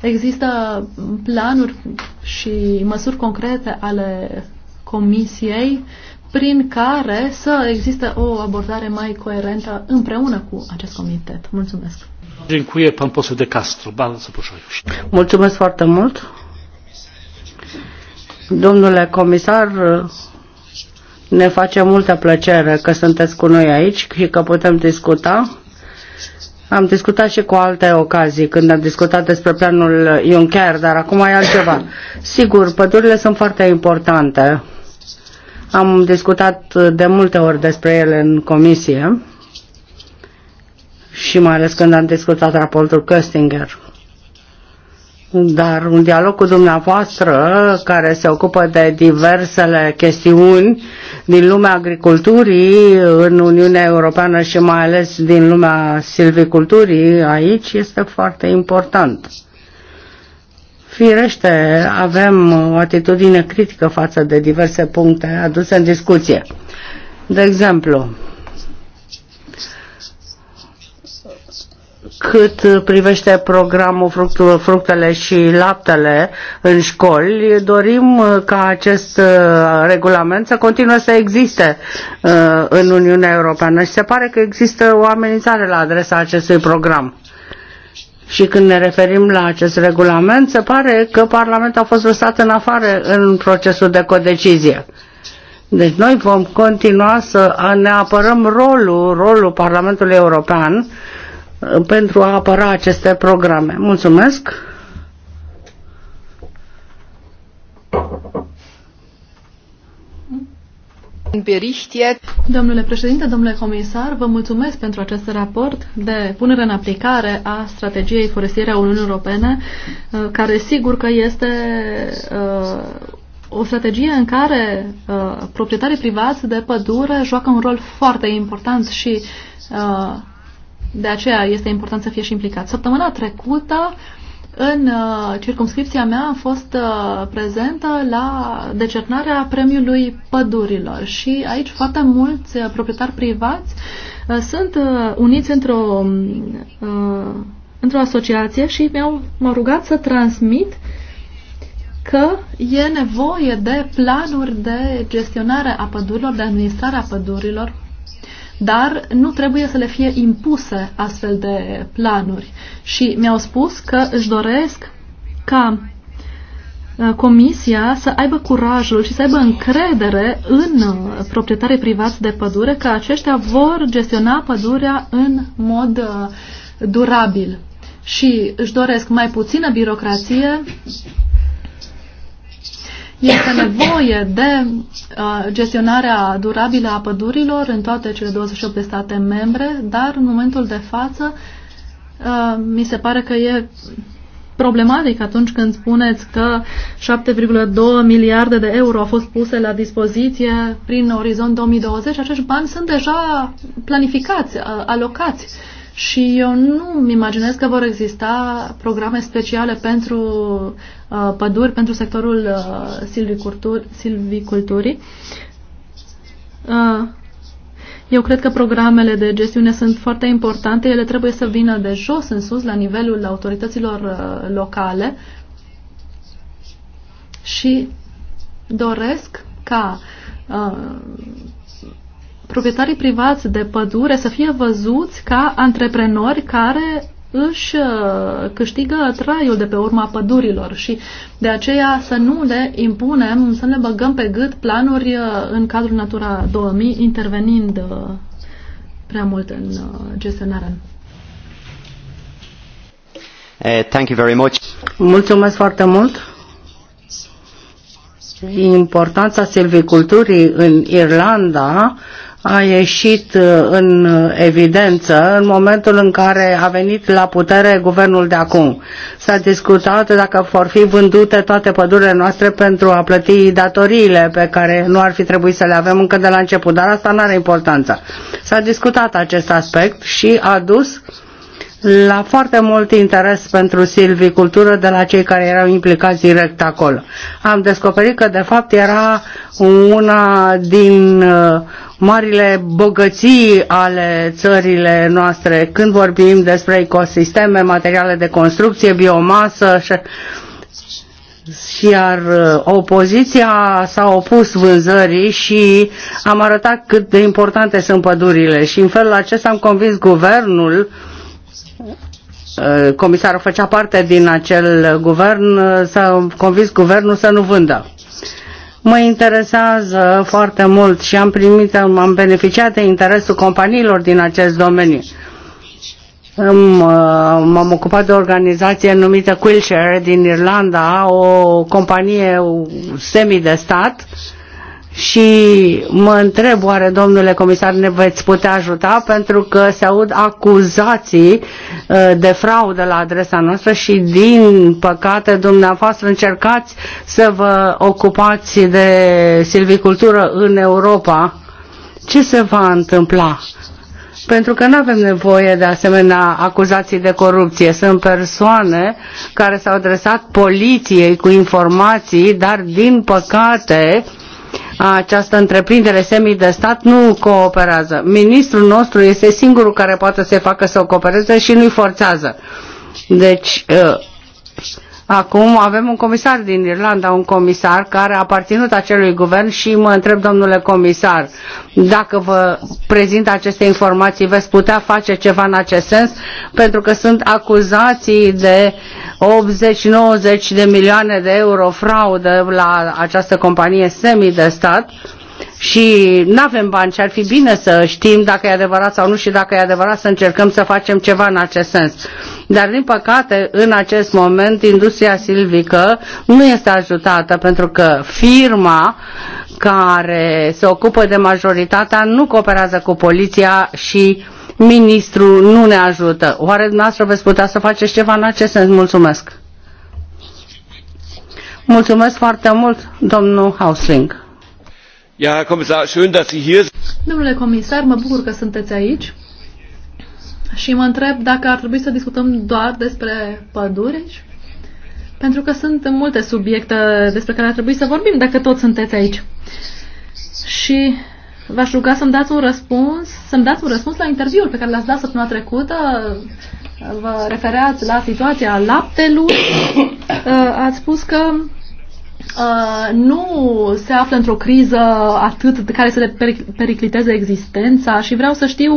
există planuri și măsuri concrete ale Comisiei prin care să existe o abordare mai coerentă împreună cu acest comitet. Mulțumesc. Dziękuję pan poseł de Castro. Bardzo proszę. Mulțumesc foarte mult. Domnule comisar, ne face multă plăcere că sunteți cu noi aici și că putem discuta am discutat și cu alte ocazii când am discutat despre planul Juncker, dar acum e altceva. Sigur, pădurile sunt foarte importante. Am discutat de multe ori despre ele în comisie și mai ales când am discutat raportul Köstinger dar un dialog cu dumneavoastră care se ocupă de diversele chestiuni din lumea agriculturii în Uniunea Europeană și mai ales din lumea silviculturii aici este foarte important. Firește, avem o atitudine critică față de diverse puncte aduse în discuție. De exemplu, cât uh, privește programul uh, fructele și laptele în școli, dorim uh, ca acest regulament să continue să existe în Uniunea Europeană și se pare că există o amenințare la adresa acestui program. Și când ne referim la acest regulament, se pare că Parlamentul a fost lăsat în afară în procesul de codecizie. Deci noi vom continua să ne apărăm rolul, rolul Parlamentului European pentru a apăra aceste programe. Mulțumesc! Domnule președinte, domnule comisar, vă mulțumesc pentru acest raport de punere în aplicare a strategiei forestiere a Uniunii Europene, uh, care sigur că este uh, o strategie în care uh, proprietarii privați de pădure joacă un rol foarte important și de aceea este important să fie și implicat. Săptămâna trecută, în uh, circumscripția mea, am fost uh, prezentă la decernarea premiului pădurilor și aici foarte mulți uh, proprietari privați uh, sunt uh, uniți într-o uh, într-o asociație și mi-au m-au rugat să transmit că e nevoie de planuri de gestionare a pădurilor, de administrare a pădurilor dar nu trebuie să le fie impuse astfel de planuri. Și mi-au spus că își doresc ca uh, Comisia să aibă curajul și să aibă încredere în uh, proprietarii privați de pădure că aceștia vor gestiona pădurea în mod uh, durabil și își doresc mai puțină birocrație, este nevoie de uh, gestionarea durabilă a pădurilor în toate cele 28 de state membre, dar în momentul de față uh, mi se pare că e problematic atunci când spuneți că 7,2 miliarde de euro au fost puse la dispoziție prin orizont 2020. Acești bani sunt deja planificați, uh, alocați. Uh, și eu nu-mi imaginez că vor exista programe speciale pentru uh, păduri, pentru sectorul uh, silvicultur, silviculturii. Uh, eu cred că programele de gestiune sunt foarte importante. Ele trebuie să vină de jos în sus, la nivelul autorităților uh, locale și doresc ca uh, proprietarii privați de pădure să fie văzuți ca antreprenori care își uh, câștigă traiul de pe urma pădurilor și de aceea să nu le impunem, să ne băgăm pe gât planuri uh, în cadrul Natura 2000 intervenind uh, prea mult în gestionarea. Eh, thank you very much. Mulțumesc foarte mult. Importanța silviculturii în Irlanda a ieșit uh, în evidență în momentul în care a venit la putere guvernul de acum. S-a discutat dacă vor fi vândute toate pădurile noastre pentru a plăti datoriile pe care nu ar fi trebuit să le avem încă de la început, dar asta nu are importanță. S-a discutat acest aspect și a dus la foarte mult interes pentru silvicultură de la cei care erau implicați direct acolo. Am descoperit că de fapt era una din uh, marile bogății ale țările noastre când vorbim despre ecosisteme, materiale de construcție, biomasă și și iar uh, opoziția s-a opus vânzării și am arătat cât de importante sunt pădurile și în felul acesta am convins guvernul uh, comisarul făcea parte din acel guvern, uh, s-a convins guvernul să nu vândă. Mă interesează foarte mult și am primit, am beneficiat de interesul companiilor din acest domeniu. Uh, m-am ocupat de o organizație numită Quilshare din Irlanda, o companie semi de stat uh, și mă întreb oare, domnule comisar, ne veți putea ajuta pentru că se aud acuzații uh, de fraudă la adresa noastră și, din păcate, dumneavoastră încercați să vă ocupați de silvicultură în Europa. Ce se va întâmpla? pentru că nu avem nevoie de asemenea acuzații de corupție. Sunt persoane care s-au adresat poliției cu informații, dar din păcate această întreprindere semi de stat nu cooperează. Ministrul nostru este singurul care poate să facă să o coopereze și nu-i forțează. Deci, uh, Acum avem un comisar din Irlanda, un comisar care a aparținut acelui guvern și mă întreb, domnule comisar, dacă vă prezint aceste informații, veți putea face ceva în acest sens? Pentru că sunt acuzații de 80-90 de milioane de euro fraudă la această companie semi de stat și nu avem bani și ar fi bine să știm dacă e adevărat sau nu și dacă e adevărat să încercăm să facem ceva în acest sens. Dar, din păcate, în acest moment, industria silvică nu este ajutată pentru că firma care se ocupă de majoritatea nu cooperează cu poliția și ministrul nu ne ajută. Oare dumneavoastră veți putea să faceți ceva în acest sens? Mulțumesc! Mulțumesc foarte mult, domnul Hausling. Ja, Domnule comisar, mă bucur că sunteți aici și mă întreb dacă ar trebui să discutăm doar despre păduri, Pentru că sunt multe subiecte despre care ar trebui să vorbim dacă toți sunteți aici. Și v-aș ruga să-mi dați un răspuns, să-mi dați un răspuns la interviul pe care l-ați dat săptămâna trecută. Vă refereați la situația laptelui. (coughs) Uh, ați spus că Uh, nu se află într-o criză atât de care să le pericliteze existența și vreau să știu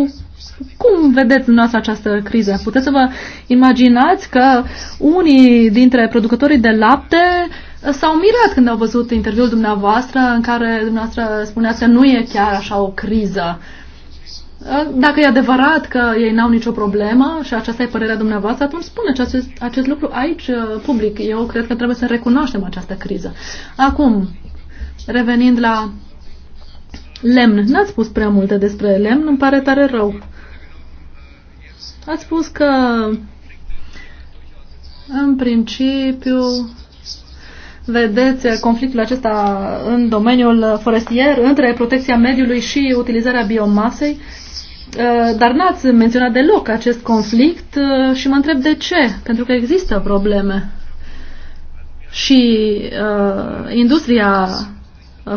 cum vedeți dumneavoastră această criză? Puteți să vă imaginați că unii dintre producătorii de lapte s-au mirat când au văzut interviul dumneavoastră în care dumneavoastră spunea că nu e chiar așa o criză. Uh, dacă e adevărat că ei n-au nicio problemă și aceasta e părerea dumneavoastră, atunci spuneți acest, acest lucru aici, uh, public. Eu cred că trebuie să recunoaștem această criză. Acum, revenind la lemn. N-ați spus prea multe despre lemn, îmi pare tare rău. Ați spus că în principiu vedeți conflictul acesta în domeniul forestier între protecția mediului și utilizarea biomasei. Eh, dar n-ați menționat deloc acest conflict eh, și mă întreb de ce, pentru că există probleme. Și uh, industria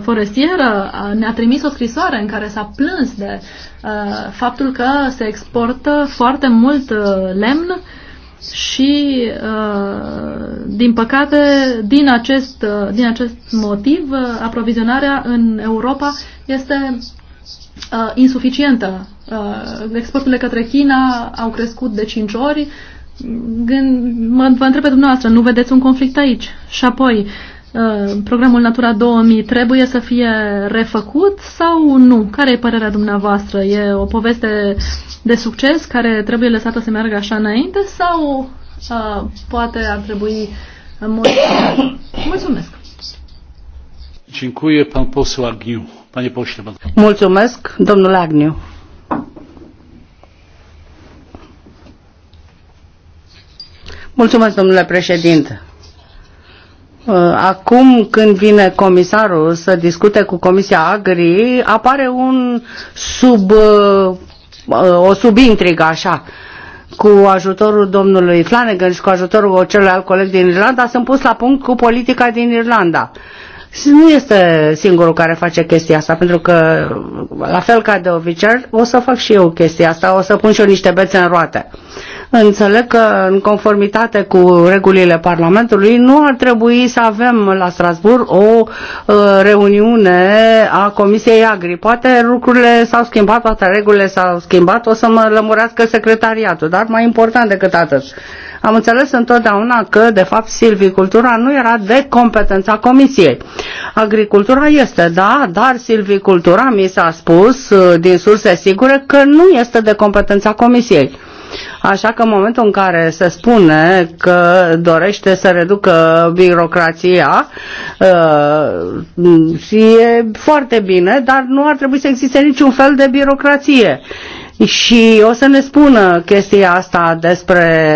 forestieră ne-a trimis o scrisoare în care s-a plâns de uh, faptul că se exportă foarte mult lemn și, uh, din păcate, din acest, uh, din acest motiv, uh, aprovizionarea în Europa este uh, insuficientă. Uh, exporturile către China au crescut de 5 ori. Gând, mă, vă întreb pe dumneavoastră, nu vedeți un conflict aici? Și apoi, uh, programul Natura 2000 trebuie să fie refăcut sau nu? Care e părerea dumneavoastră? E o poveste de succes care trebuie lăsată să meargă așa înainte sau uh, poate ar trebui mult? (coughs) Mulțumesc! Dziękuję pan posła Gniu? Panie pośle. Mulțumesc, domnul Agniu. Mulțumesc, domnule președinte. Uh, acum când vine comisarul să discute cu Comisia Agri, apare un sub, uh, o subintrigă așa cu ajutorul domnului Flanagan și cu ajutorul celorlalți colegi din Irlanda, sunt pus la punct cu politica din Irlanda nu este singurul care face chestia asta, pentru că, la fel ca de obicei, o să fac și eu chestia asta, o să pun și eu niște bețe în roate. Înțeleg că, în conformitate cu regulile Parlamentului, nu ar trebui să avem la Strasburg o uh, reuniune a Comisiei Agri. Poate lucrurile s-au schimbat, toate regulile s-au schimbat, o să mă lămurească secretariatul, dar mai important decât atât. Uh, am înțeles întotdeauna că, de fapt, silvicultura nu era de competența Comisiei. Agricultura este, da, dar silvicultura, mi s-a spus uh, din surse sigure, că nu este de competența Comisiei. Așa că în momentul în care se spune că dorește să reducă birocrația, uh, e foarte bine, dar nu ar trebui să existe niciun fel de birocrație și o să ne spună chestia asta despre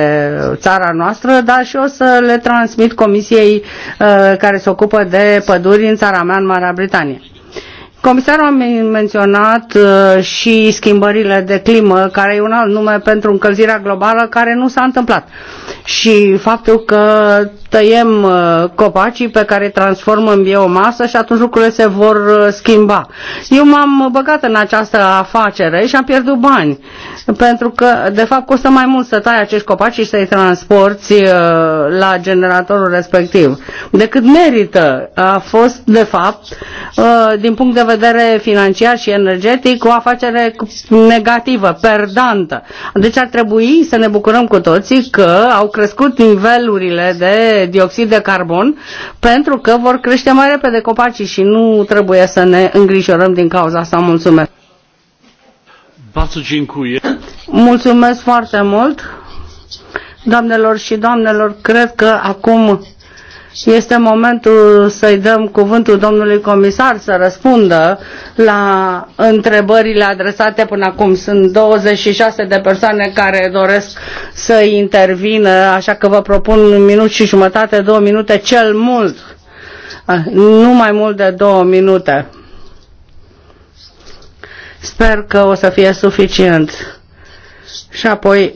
țara noastră, dar și o să le transmit comisiei uh, care se ocupă de păduri în țara mea, în Marea Britanie. Comisarul a menționat uh, și schimbările de climă, care e un alt nume pentru încălzirea globală, care nu s-a întâmplat. Și faptul că tăiem uh, copacii pe care transformăm în biomasă și atunci lucrurile se vor uh, schimba. Eu m-am băgat în această afacere și am pierdut bani, pentru că, de fapt, costă mai mult să tai acești copaci și să-i transporti la generatorul respectiv decât merită. A fost, de fapt, din punct de vedere vedere financiar și energetic o afacere negativă, perdantă. Deci ar trebui să ne bucurăm cu toții că au crescut nivelurile de dioxid de carbon pentru că vor crește mai repede copacii și nu trebuie să ne îngrijorăm din cauza asta. Mulțumesc! Mulțumesc foarte mult! Doamnelor și doamnelor, cred că acum și Este momentul să-i dăm cuvântul domnului comisar să răspundă la întrebările adresate până acum. Sunt 26 de persoane care doresc să intervină, așa că vă propun un minut și jumătate, două minute cel mult. Nu mai mult de două minute. Sper că o să fie suficient. Și apoi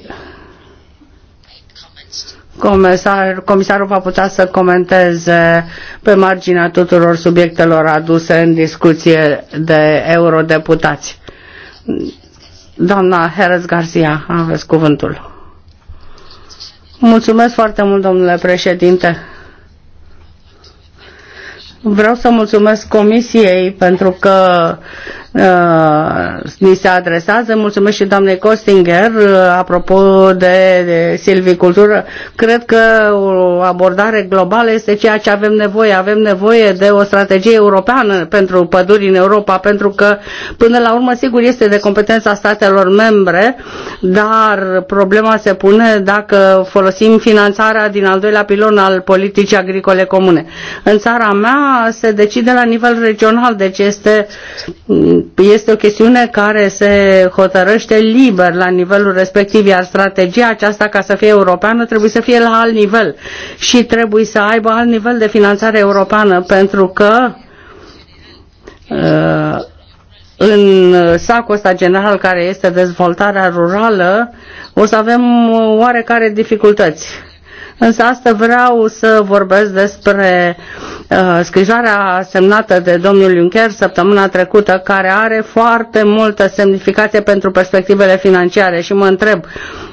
Comisar, comisarul va putea să comenteze pe marginea tuturor subiectelor aduse în discuție de eurodeputați. Doamna Heres Garcia, aveți cuvântul. Mulțumesc foarte mult, domnule președinte. Vreau să mulțumesc Comisiei pentru că Uh, ni se adresează. Mulțumesc și doamnei Costinger uh, apropo de, de silvicultură. Cred că o abordare globală este ceea ce avem nevoie. Avem nevoie de o strategie europeană pentru păduri în Europa, pentru că până la urmă sigur este de competența statelor membre, dar problema se pune dacă folosim finanțarea din al doilea pilon al politicii agricole comune. În țara mea se decide la nivel regional, deci este este o chestiune care se hotărăște liber la nivelul respectiv, iar strategia aceasta ca să fie europeană trebuie să fie la alt nivel și trebuie să aibă alt nivel de finanțare europeană pentru că uh, în sacul ăsta general care este dezvoltarea rurală o să avem oarecare dificultăți Însă asta vreau să vorbesc despre uh, scrisoarea semnată de domnul Juncker săptămâna trecută, care are foarte multă semnificație pentru perspectivele financiare și mă întreb,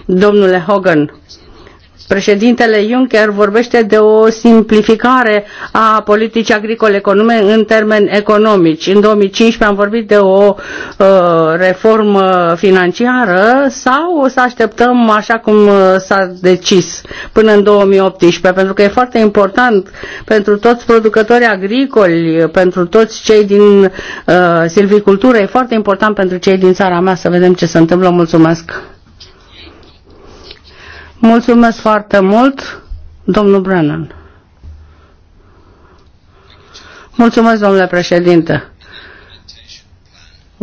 domnule Hogan, Președintele Juncker vorbește de o simplificare a politicii agricole economice în termeni economici. În 2015 am vorbit de o uh, reformă financiară sau o să așteptăm așa cum uh, s-a decis până în 2018? Pentru că e foarte important pentru toți producătorii agricoli, pentru toți cei din uh, silvicultură, e foarte important pentru cei din țara mea să vedem ce se întâmplă. Mulțumesc! Mulțumesc foarte mult, domnul Brennan. Mulțumesc, domnule președinte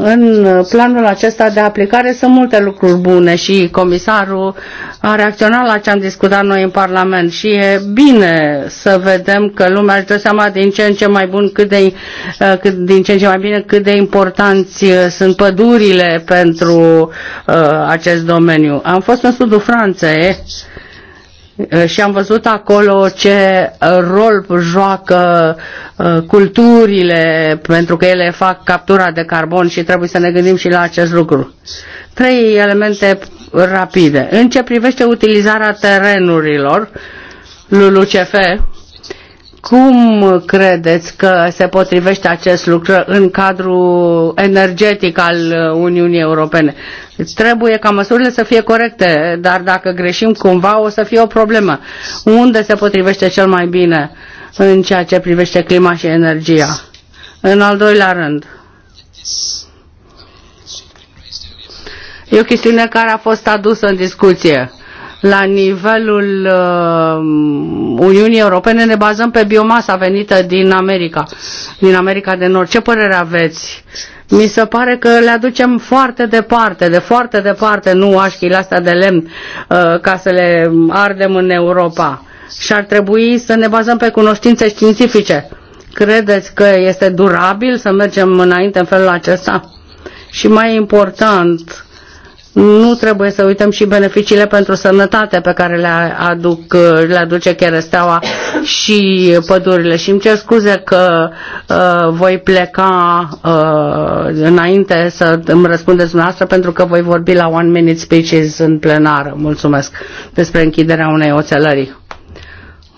în uh, planul acesta de aplicare sunt multe lucruri bune și comisarul a reacționat la ce am discutat noi în Parlament și e bine să vedem că lumea își dă seama din ce în ce mai bun cât de, uh, cât, din ce în ce mai bine cât de importanți uh, sunt pădurile pentru uh, acest domeniu. Am fost în sudul Franței Eh, și am văzut acolo ce eh, rol joacă eh, culturile, pentru că ele fac captura de carbon și trebuie să ne gândim și la acest lucru. Trei elemente rapide. În ce privește utilizarea terenurilor, LULUCF, cum credeți că se potrivește acest lucru în cadrul energetic al Uniunii Europene? Trebuie ca măsurile să fie corecte, dar dacă greșim cumva o să fie o problemă. Unde se potrivește cel mai bine în ceea ce privește clima și energia? În al doilea rând, e o chestiune care a fost adusă în discuție la nivelul uh, Uniunii Europene ne bazăm pe biomasa venită din America, din America de Nord. Ce părere aveți? Mi se pare că le aducem foarte departe, de foarte departe, nu așchile astea de lemn uh, ca să le ardem în Europa. Și ar trebui să ne bazăm pe cunoștințe științifice. Credeți că este durabil să mergem înainte în felul acesta? Și mai important, nu trebuie să uităm și beneficiile pentru sănătate pe care le, aduc, le aduce cheresteaua și pădurile. Și îmi cer scuze că uh, voi pleca uh, înainte să îmi răspundeți dumneavoastră pentru că voi vorbi la One Minute Speeches în plenară. Mulțumesc despre închiderea unei oțelării.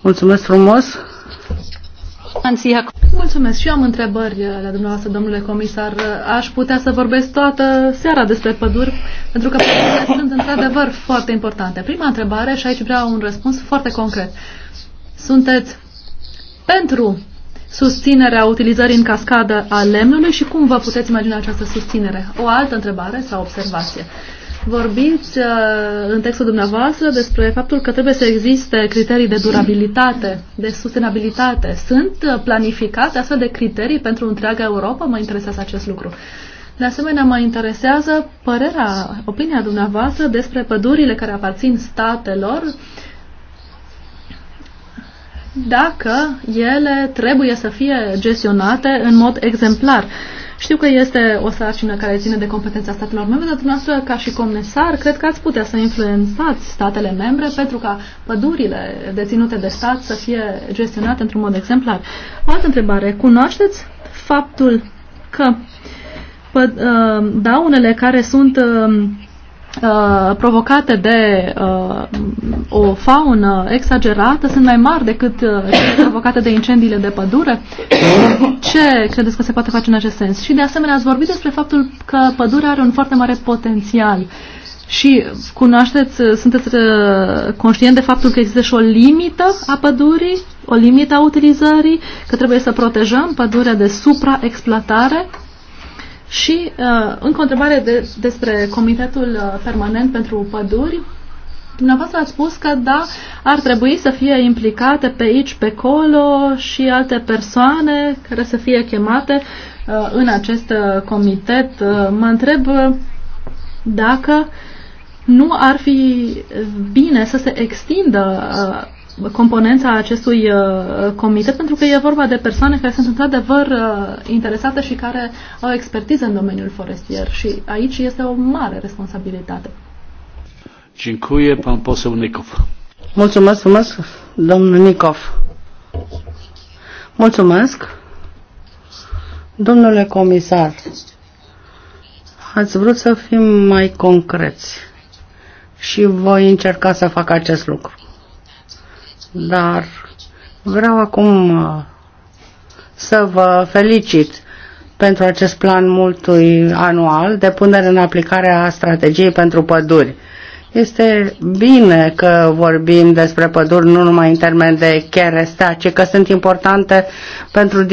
Mulțumesc frumos! Mulțumesc și eu am întrebări eh, la dumneavoastră, domnule comisar. Eh, aș putea să vorbesc toată seara despre păduri, pentru că pădurile sunt într-adevăr foarte importante. Prima întrebare, și aici vreau un răspuns foarte concret. Sunteți pentru susținerea utilizării în cascadă a lemnului și cum vă puteți imagina această susținere? O altă întrebare sau observație. Vorbiți uh, în textul dumneavoastră despre faptul că trebuie să existe criterii de durabilitate, de sustenabilitate. Sunt uh, planificate astfel de criterii pentru întreaga Europa? Mă interesează acest lucru. De asemenea, mă interesează părerea, opinia dumneavoastră despre pădurile care aparțin statelor, dacă ele trebuie să fie gestionate în mod exemplar. Uh, știu că este o sarcină care ține de competența statelor membre, dar dumneavoastră, ca și comisar, cred că ați putea să influențați statele membre pentru ca pădurile deținute de stat să fie gestionate într-un mod exemplar. O altă întrebare. Cunoașteți faptul că pă, uh, daunele care sunt uh, Uh, provocate de uh, o faună exagerată sunt mai mari decât uh, cele provocate de incendiile de pădure? Ce credeți că se poate face în acest sens? Și de asemenea ați vorbit despre faptul că pădurea are un foarte mare potențial. Și cunoașteți, sunteți uh, conștient de faptul că există și o limită a pădurii, o limită a utilizării, că trebuie să protejăm pădurea de supraexploatare? Și uh, încă o întrebare de, despre Comitetul uh, Permanent pentru Păduri. Dumneavoastră ați spus că da, ar trebui să fie implicate pe aici, pe acolo și alte persoane care să fie chemate uh, în acest uh, comitet. Uh, mă întreb dacă nu ar fi bine să se extindă uh, componența acestui uh, comitet, pentru că e vorba de persoane care sunt într-adevăr uh, interesate și care au expertiză în domeniul forestier și aici este o mare responsabilitate. Dziękuję, pan poseł Nikow. Mulțumesc mulțumesc, domnul Nikov. Mulțumesc. Domnule comisar, ați vrut să fim mai concreți și voi încerca să fac acest lucru dar vreau acum uh, să vă felicit pentru acest plan anual de punere în aplicare a strategiei pentru păduri. Este bine că vorbim despre păduri nu numai în termen de cherestea, ci că sunt importante pentru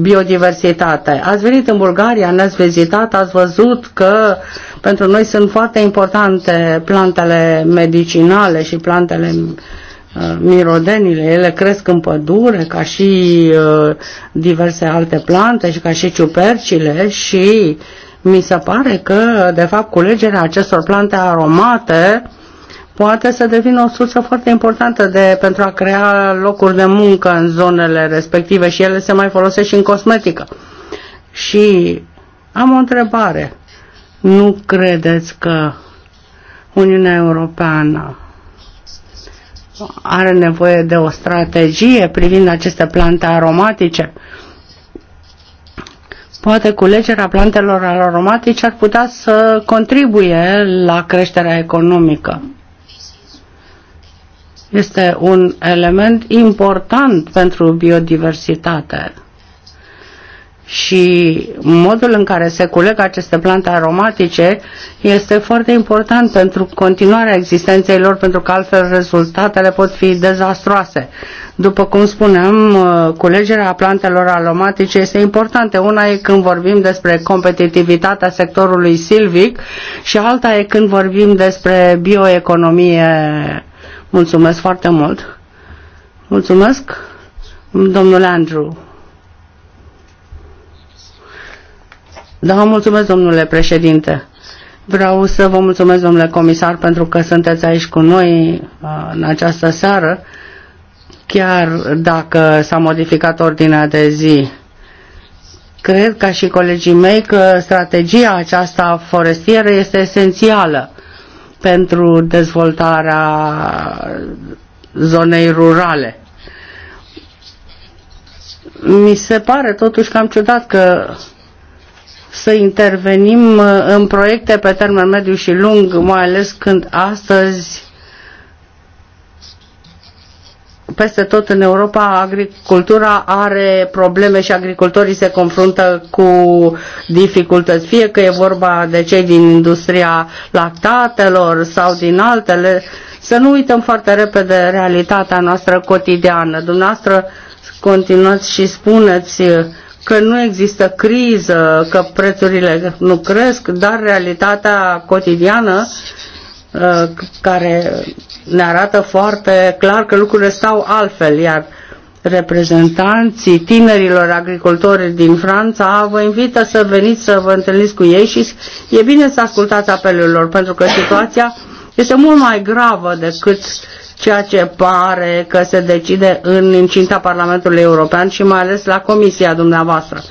biodiversitate. Ați venit în Bulgaria, ne-ați vizitat, ați văzut că pentru noi sunt foarte importante plantele medicinale și plantele uh, Uh, mirodenile, ele cresc în pădure ca și uh, diverse alte plante și ca și ciupercile și mi se pare că, de fapt, culegerea acestor plante aromate poate să devină o sursă foarte importantă de, pentru a crea locuri de muncă în zonele respective și ele se mai folosesc și în cosmetică. Și am o întrebare. Nu credeți că Uniunea Europeană are nevoie de o strategie privind aceste plante aromatice. Poate culegerea plantelor aromatice ar putea să contribuie la creșterea economică. Este un element important pentru biodiversitate și modul în care se culeg aceste plante aromatice este foarte important pentru continuarea existenței lor, pentru că altfel rezultatele pot fi dezastroase. După cum spuneam, culegerea plantelor aromatice este importantă. Una e când vorbim despre competitivitatea sectorului silvic și alta e când vorbim despre bioeconomie. Mulțumesc foarte mult! Mulțumesc, domnule Andrew! Da, mulțumesc, domnule președinte. Vreau să vă mulțumesc, domnule comisar, pentru că sunteți aici cu noi uh, în această seară, chiar dacă s-a modificat ordinea de zi. Cred, ca și colegii mei, că strategia aceasta forestieră este esențială pentru dezvoltarea zonei rurale. Mi se pare totuși cam ciudat că să intervenim uh, în proiecte pe termen mediu și lung, mai ales când astăzi peste tot în Europa agricultura are probleme și agricultorii se confruntă cu dificultăți, fie că e vorba de cei din industria lactatelor sau din altele. Să nu uităm foarte repede realitatea noastră cotidiană. Dumneavoastră continuați și spuneți că nu există criză, că prețurile nu cresc, dar realitatea cotidiană uh, care ne arată foarte clar că lucrurile stau altfel, iar reprezentanții tinerilor agricultori din Franța vă invită să veniți să vă întâlniți cu ei și e bine să ascultați apelurilor, pentru că situația este mult mai gravă decât ceea ce pare că se decide în incinta Parlamentului European și mai ales la comisia dumneavoastră.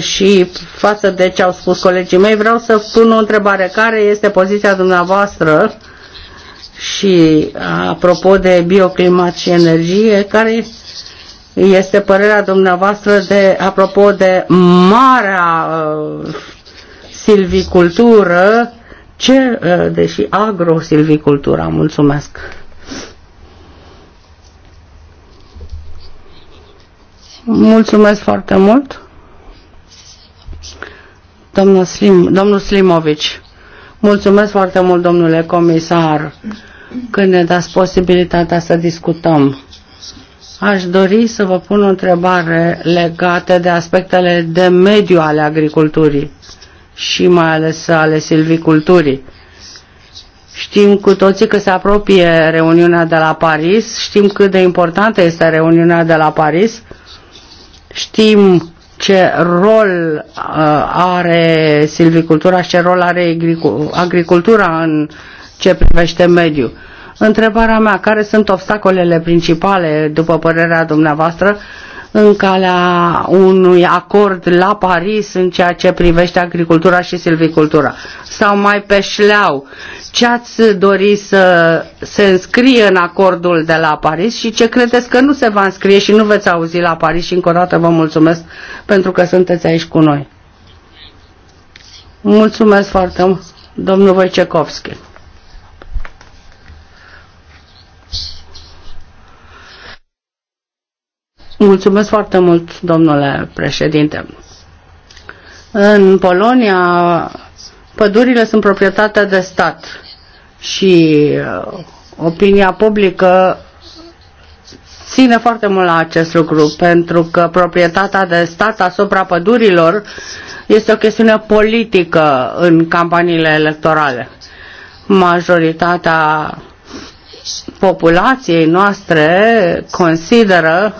Și față de ce au spus colegii mei, vreau să pun o întrebare. Care este poziția dumneavoastră și apropo de bioclimat și energie, care este părerea dumneavoastră de, apropo de marea silvicultură, ce, deși agro-silvicultura, mulțumesc. Mulțumesc foarte mult. Domnul, Slim, domnul Slimovici, mulțumesc foarte mult, domnule comisar, când ne dați posibilitatea să discutăm. Aș dori să vă pun o întrebare legată de aspectele de mediu ale agriculturii și mai ales ale silviculturii. Știm cu toții că se apropie reuniunea de la Paris, știm cât de importantă este reuniunea de la Paris Știm ce rol uh, are silvicultura și ce rol are agricultura în ce privește mediul. Întrebarea mea, care sunt obstacolele principale, după părerea dumneavoastră, uh, în calea unui acord la Paris în ceea ce privește agricultura și silvicultura? Sau mai pe șleau, ce ați dori să se înscrie în acordul de la Paris și ce credeți că nu se va înscrie și nu veți auzi la Paris și încă o dată vă mulțumesc pentru că sunteți aici cu noi. Mulțumesc foarte mult, domnul Wojciechowski. Mulțumesc foarte mult, domnule președinte. În Polonia, pădurile sunt proprietatea de stat și uh, opinia publică ține foarte mult la acest lucru, pentru că proprietatea de stat asupra pădurilor este o chestiune politică în campaniile electorale. Majoritatea populației noastre consideră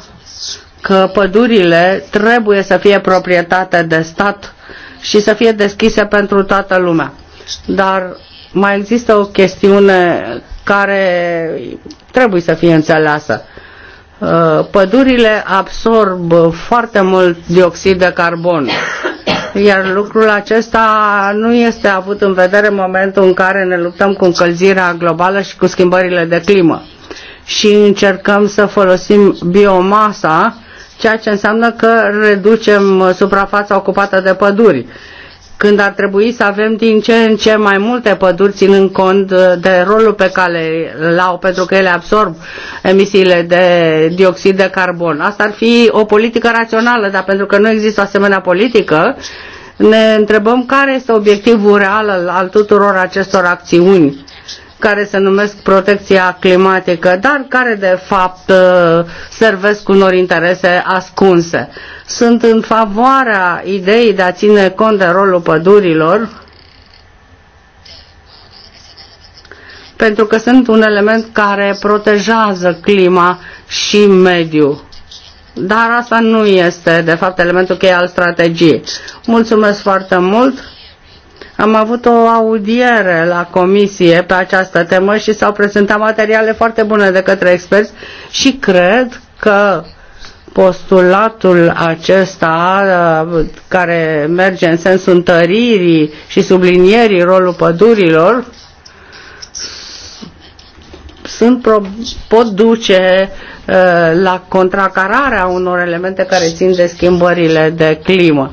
că pădurile trebuie să fie proprietate de stat și să fie deschise pentru toată lumea. Dar mai există o chestiune care trebuie să fie înțeleasă. Uh, pădurile absorb foarte mult dioxid de carbon, iar lucrul acesta nu este avut în vedere în momentul în care ne luptăm cu încălzirea globală și cu schimbările de climă și încercăm să folosim biomasa ceea ce înseamnă că reducem uh, suprafața ocupată de păduri când ar trebui să avem din ce în ce mai multe păduri, ținând cont uh, de rolul pe care îl au, pentru că ele absorb emisiile de dioxid de carbon. Asta ar fi o politică rațională, dar pentru că nu există o asemenea politică, ne întrebăm care este obiectivul real al tuturor acestor acțiuni care se numesc protecția climatică, dar care de fapt uh, servesc unor interese ascunse. Sunt în favoarea ideii de a ține cont de rolul pădurilor, pentru că sunt un element care protejează clima și mediul. Dar asta nu este, de fapt, elementul cheie al strategiei. Mulțumesc foarte mult! Am avut o audiere la comisie pe această temă și s-au prezentat materiale foarte bune de către experți și cred că postulatul acesta uh, care merge în sensul întăririi și sublinierii rolul pădurilor sunt, pot duce uh, la contracararea unor elemente care țin de schimbările de climă.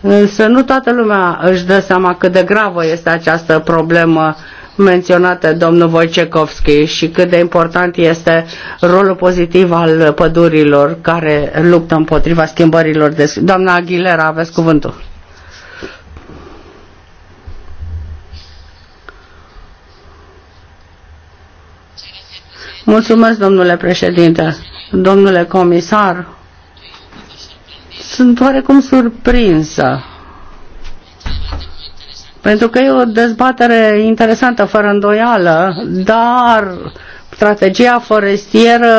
Însă nu toată lumea își dă seama cât de gravă este această problemă menționată domnul Wojciechowski și cât de important este rolul pozitiv al pădurilor care luptă împotriva schimbărilor. De... Doamna Aguilera, aveți cuvântul. Mulțumesc, domnule președinte, domnule comisar. Sunt oarecum surprinsă. Pentru că e o dezbatere interesantă, fără îndoială, dar strategia forestieră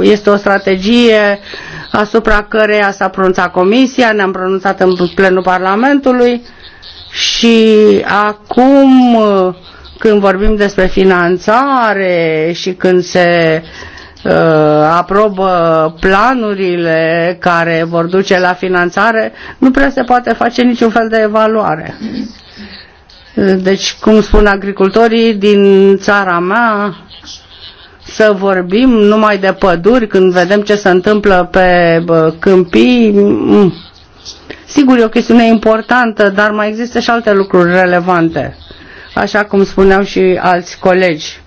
este o strategie asupra căreia s-a pronunțat Comisia, ne-am pronunțat în plenul Parlamentului și acum când vorbim despre finanțare și când se uh, Uh, aprobă planurile care vor duce la finanțare, nu prea se poate face niciun fel de evaluare. Deci, cum spun agricultorii din țara mea, să vorbim numai de păduri când vedem ce se întâmplă pe câmpii. Mm. Sigur, e o chestiune importantă, dar mai există și alte lucruri relevante, așa cum spuneau și alți colegi.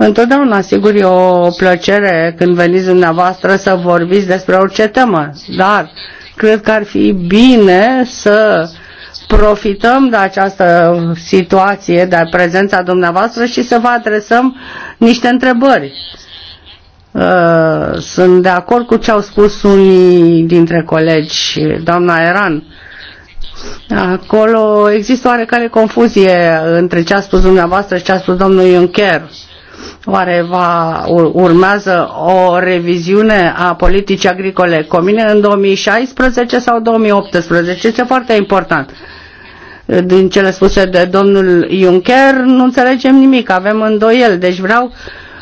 Întotdeauna, sigur, e o plăcere când veniți dumneavoastră să vorbiți despre orice temă, dar cred că ar fi bine să profităm de această situație, de prezența dumneavoastră și să vă adresăm niște întrebări. Uh, sunt de acord cu ce au spus unii dintre colegi, doamna Eran. Acolo există oarecare confuzie între ce a spus dumneavoastră și ce a spus domnul Juncker. Uh, Oare va, urmează o reviziune a politicii agricole comune în 2016 sau 2018? Este foarte important. Din cele spuse de domnul Juncker, nu înțelegem nimic, avem îndoiel, deci vreau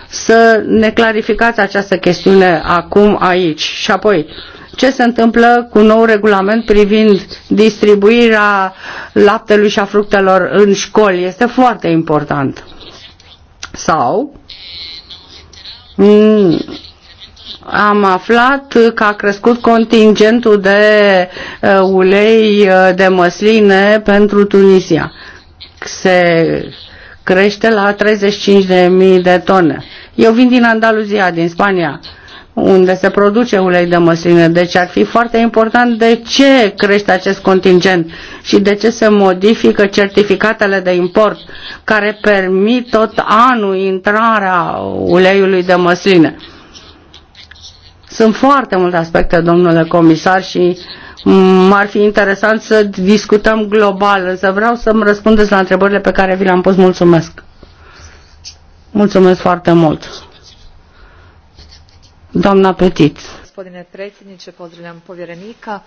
să ne clarificați această chestiune acum aici. Și apoi, ce se întâmplă cu nou regulament privind distribuirea laptelui și a fructelor în școli? Este foarte important. Sau mm. am aflat că a crescut contingentul de uh, ulei uh, de măsline pentru Tunisia. Se crește la 35.000 de tone. Eu vin din Andaluzia, din Spania unde se produce ulei de măsline. Deci ar fi foarte important de ce crește acest contingent și de ce se modifică certificatele de import care permit tot anul intrarea uleiului de măsline. Sunt foarte multe aspecte, domnule comisar, și m-ar fi interesant să discutăm global, însă vreau să-mi răspundeți la întrebările pe care vi le-am pus. Mulțumesc! Mulțumesc foarte mult! Doamna Petit. Gospodine predsjedniče, pozdravljam povjerenika.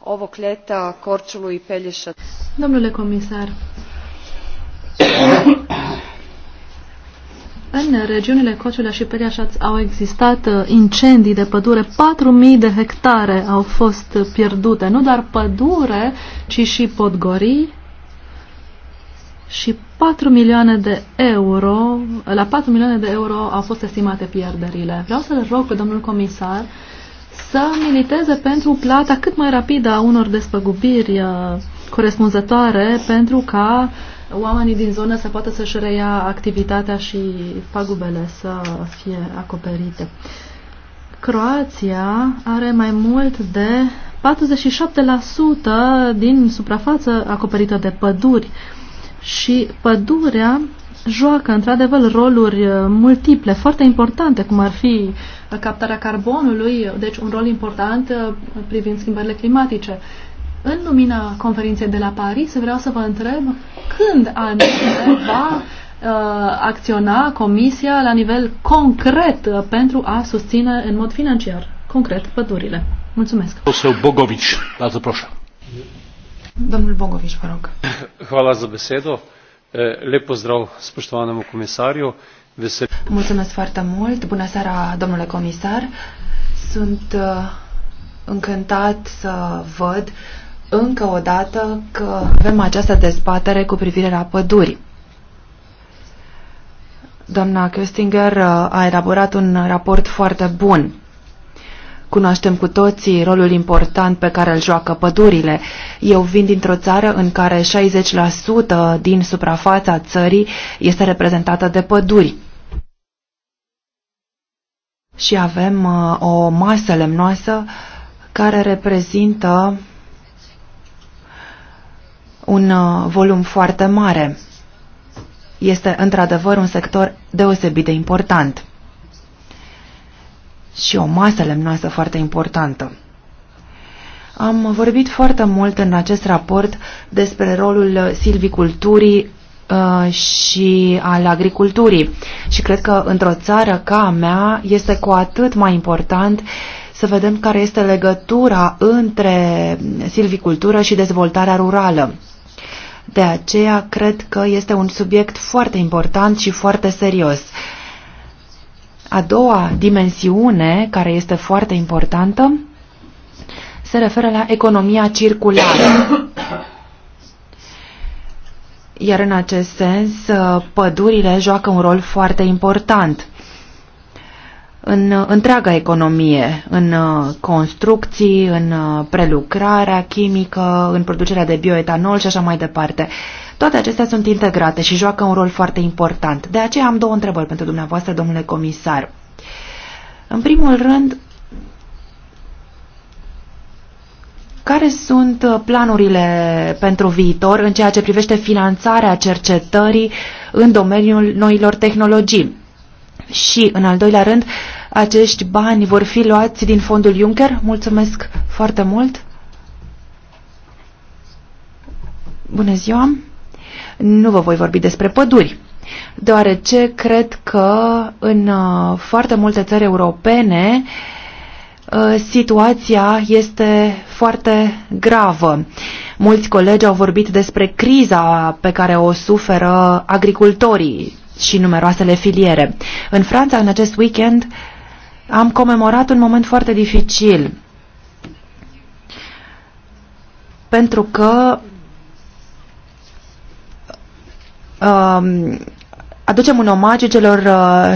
Ovog leta Korčulu i Pelješa... Domnule komisar. în regiunile Cociulea și Peliașaț au existat uh, incendii de pădure. 4.000 de hectare au fost pierdute. Nu doar pădure, ci și podgorii, și 4 milioane de euro, la 4 milioane de euro au fost estimate pierderile. Vreau să-l rog pe domnul comisar să militeze pentru plata cât mai rapidă a unor despăgubiri uh, corespunzătoare pentru ca oamenii din zonă să poată să-și reia activitatea și pagubele să fie acoperite. Croația are mai mult de 47% din suprafață acoperită de păduri și pădurea joacă într-adevăr roluri uh, multiple, foarte importante, cum ar fi uh, captarea carbonului, deci un rol important uh, privind schimbările climatice. În lumina conferinței de la Paris, vreau să vă întreb când anume va acționa Comisia la nivel concret pentru a susține în mod financiar, concret, pădurile. Mulțumesc. Bogovici, la proszę. Domnul Bogoviș, vă rog. Hvala za besedo. Lep pozdrav spoštovanemu Vesel... Mulțumesc foarte mult. Bună seara, domnule comisar. Sunt încântat să văd încă o dată că avem această dezbatere cu privire la păduri. Doamna Köstinger a elaborat un raport foarte bun Cunoaștem cu toții rolul important pe care îl joacă pădurile. Eu vin dintr-o țară în care 60% din suprafața țării este reprezentată de păduri. Și avem uh, o masă lemnoasă care reprezintă un uh, volum foarte mare. Este într-adevăr un sector deosebit de important și o masă lemnoasă foarte importantă. Am vorbit foarte mult în acest raport despre rolul silviculturii uh, și al agriculturii. Și cred că într-o țară ca a mea este cu atât mai important să vedem care este legătura între silvicultură și dezvoltarea rurală. De aceea cred că este un subiect foarte important și foarte serios. Uh, a doua dimensiune, care este foarte importantă, se referă la economia circulară. Iar în acest sens, pădurile joacă un rol foarte important în uh, întreaga economie, în uh, construcții, în uh, prelucrarea chimică, în producerea de bioetanol și așa mai departe. Toate acestea sunt integrate și joacă un rol foarte important. De aceea am două întrebări pentru dumneavoastră, domnule comisar. În primul rând, Care sunt planurile pentru viitor în ceea ce privește finanțarea cercetării în domeniul noilor tehnologii? Și, în al doilea rând, acești bani vor fi luați din fondul Juncker. Mulțumesc foarte mult! Bună ziua! Nu vă voi vorbi despre păduri, deoarece cred că în uh, foarte multe țări europene uh, situația este foarte gravă. Mulți colegi au vorbit despre criza pe care o suferă agricultorii și numeroasele filiere. În Franța, în acest weekend, am comemorat un moment foarte dificil, pentru că um, aducem un omagiu celor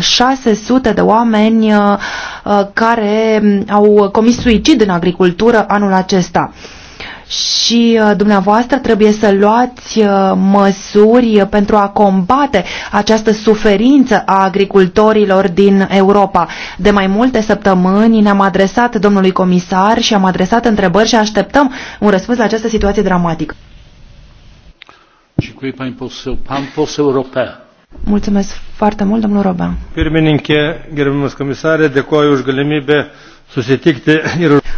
600 uh, de oameni uh, uh, care um, au comis suicid în agricultură anul acesta și uh, dumneavoastră trebuie să luați uh, măsuri pentru a combate această suferință a agricultorilor din Europa. De mai multe săptămâni ne-am adresat domnului comisar și am adresat întrebări și așteptăm un răspuns la această situație dramatică. Mulțumesc foarte mult, domnul Robea. Pirmininkė, gerbiamas komisarė, dėkoju už galimybę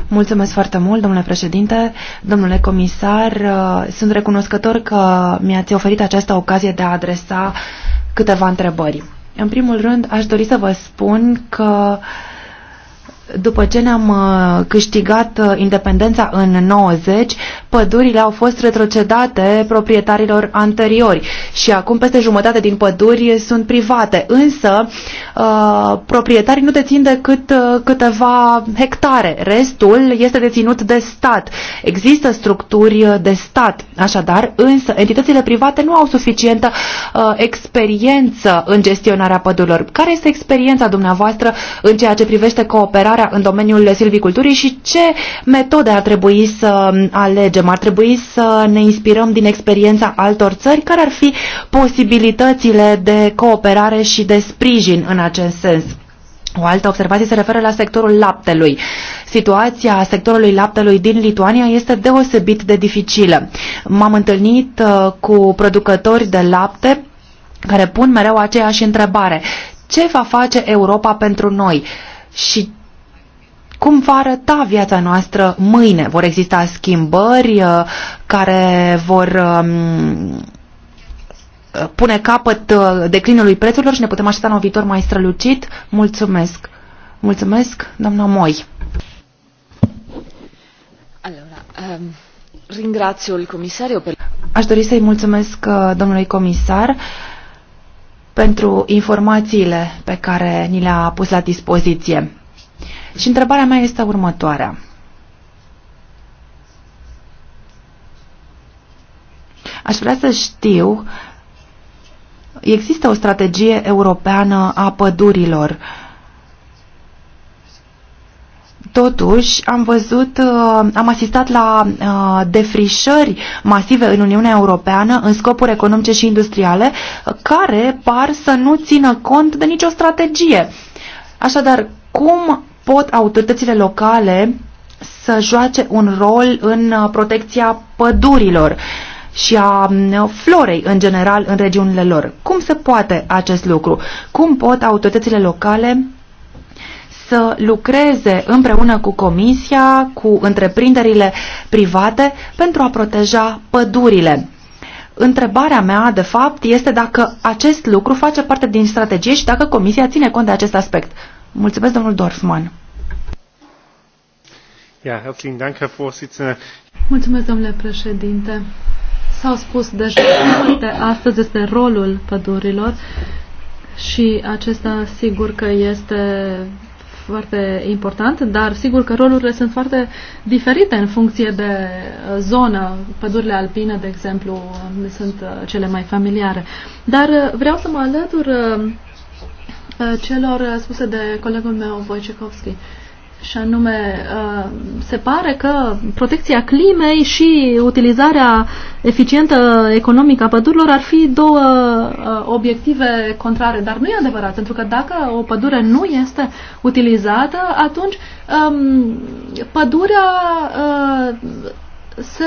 Mulțumesc foarte mult, domnule președinte, domnule comisar. Uh, sunt recunoscător că mi-ați oferit această ocazie de a adresa câteva întrebări. În primul rând, aș dori să vă spun că uh, după ce ne-am uh, câștigat uh, independența în 90, pădurile au fost retrocedate proprietarilor anteriori și acum peste jumătate din păduri sunt private, însă uh, proprietarii nu dețin decât câteva hectare, restul este deținut de stat. Există structuri de stat, așadar, însă entitățile private nu au suficientă experiență în gestionarea pădurilor. Care este experiența dumneavoastră în ceea ce privește cooperarea cercetarea în domeniul silviculturii și ce metode ar trebui să alegem? Ar trebui să ne inspirăm din experiența altor țări? Care ar fi posibilitățile de cooperare și de sprijin în acest sens? O altă observație se referă la sectorul laptelui. Situația sectorului laptelui din Lituania este deosebit de dificilă. M-am întâlnit uh, cu producători de lapte care pun mereu aceeași întrebare. Ce va face Europa pentru noi? Și cum va arăta viața noastră mâine? Vor exista schimbări uh, care vor um, uh, pune capăt uh, declinului prețurilor și ne putem aștepta la un viitor mai strălucit? Mulțumesc! Mulțumesc, doamna Moi! Allora, um... Aș dori să-i mulțumesc domnului comisar pentru informațiile pe care ni le-a pus la dispoziție. Și întrebarea mea este următoarea. Aș vrea să știu, există o strategie europeană a pădurilor. Totuși, am văzut, uh, am asistat la uh, defrișări masive în Uniunea Europeană în scopuri economice și industriale care par să nu țină cont de nicio strategie. Așadar, cum pot autoritățile locale să joace un rol în uh, protecția pădurilor și a florei în general în regiunile lor. Cum se poate acest lucru? Cum pot autoritățile locale să lucreze împreună cu Comisia, cu întreprinderile private pentru a proteja pădurile? Întrebarea mea, de fapt, este dacă acest lucru face parte din strategie și dacă Comisia ține cont de acest aspect. Mulțumesc, domnul Dorfman. Ja, herzlichen Dank, Herr Vorsitzender. Mulțumesc, domnule președinte. S-au spus deja multe astăzi este rolul pădurilor și acesta sigur că este foarte important, dar sigur că rolurile sunt foarte diferite în funcție de uh, zonă. Pădurile alpine, de exemplu, sunt uh, cele mai familiare. Dar uh, vreau să mă alătur celor spuse de colegul meu Wojciechowski. Uh, și anume uh, se pare că protecția climei și utilizarea eficientă economică a pădurilor ar fi două uh, obiective contrare, dar nu e adevărat, pentru că dacă o pădure nu este utilizată, atunci um, pădurea uh, se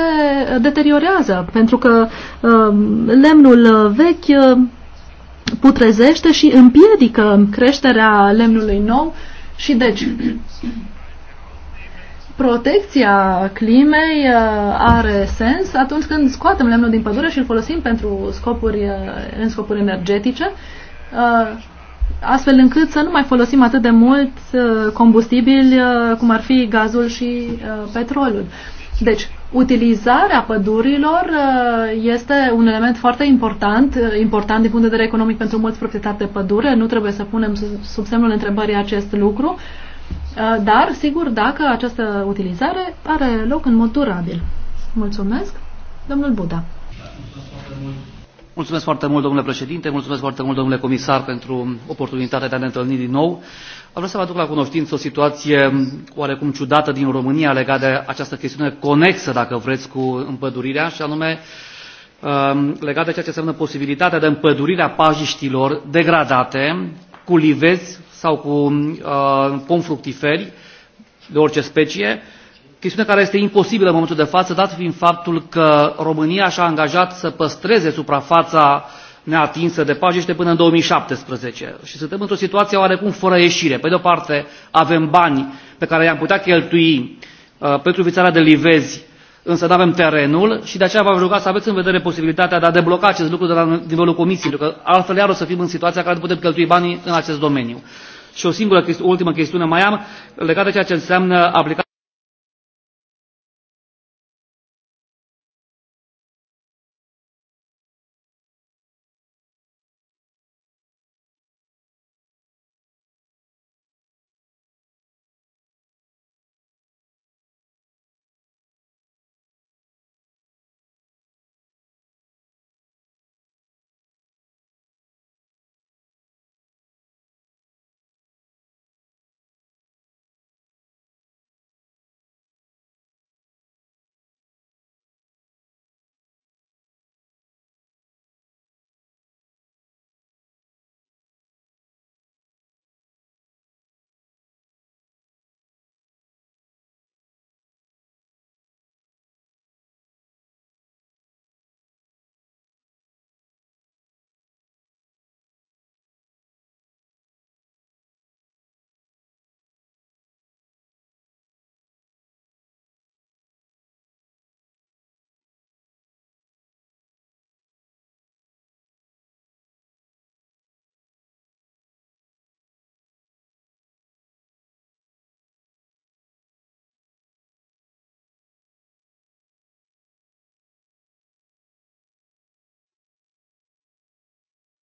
deteriorează, pentru că um, lemnul vechi putrezește și împiedică creșterea lemnului nou și deci, protecția climei uh, are sens atunci când scoatem lemnul din pădure și îl folosim pentru scopuri, uh, în scopuri energetice, uh, astfel încât să nu mai folosim atât de mult combustibili cum ar fi gazul și petrolul. Deci, utilizarea pădurilor uh, este un element foarte important, uh, important din punct de vedere economic pentru mulți proprietari de pădure. Nu trebuie să punem sub semnul întrebării acest lucru, uh, dar, sigur, dacă această utilizare are loc în mod durabil. Mulțumesc, domnul Buda. Mulțumesc foarte mult, domnule președinte, mulțumesc foarte mult, domnule comisar, pentru oportunitatea de a ne întâlni din nou. Am vrut să vă aduc la cunoștință o situație oarecum ciudată din România legată de această chestiune conexă, dacă vreți, cu împădurirea, și anume um, legată de ceea ce înseamnă posibilitatea de împădurire a pajiștilor degradate cu livezi sau cu uh, pom fructiferi de orice specie, chestiune care este imposibilă în momentul de față, dat fiind faptul că România și-a angajat să păstreze suprafața uh, neatinsă de pajiște până în 2017 și suntem într-o situație oarecum fără ieșire. Pe de o parte avem bani pe care i-am putea cheltui uh, pentru vițarea de livezi, însă nu avem terenul și de aceea v-am rugat să aveți în vedere posibilitatea de a debloca acest lucru de la nivelul comisiei, pentru că altfel iar o să fim în situația în care nu putem cheltui banii în acest domeniu. Și o singură, o ultimă chestiune mai am legată de ceea ce înseamnă aplicarea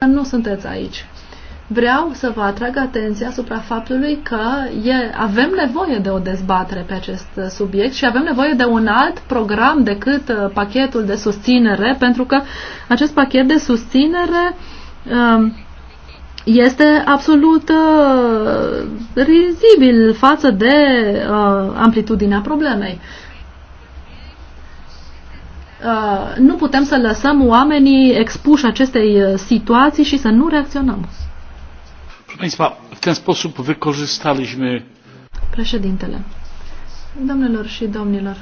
nu sunteți aici. Vreau să vă atrag atenția asupra faptului că e, avem nevoie de o dezbatere pe acest subiect și avem nevoie de un alt program decât uh, pachetul de susținere, pentru că acest pachet de susținere uh, este absolut uh, rizibil față de uh, amplitudinea problemei. Uh, nu putem să lăsăm oamenii expuși acestei uh, situații și să nu reacționăm. Państwa, ten sposób wykorzystaliśmy... Președintele. Domnilor și domnilor,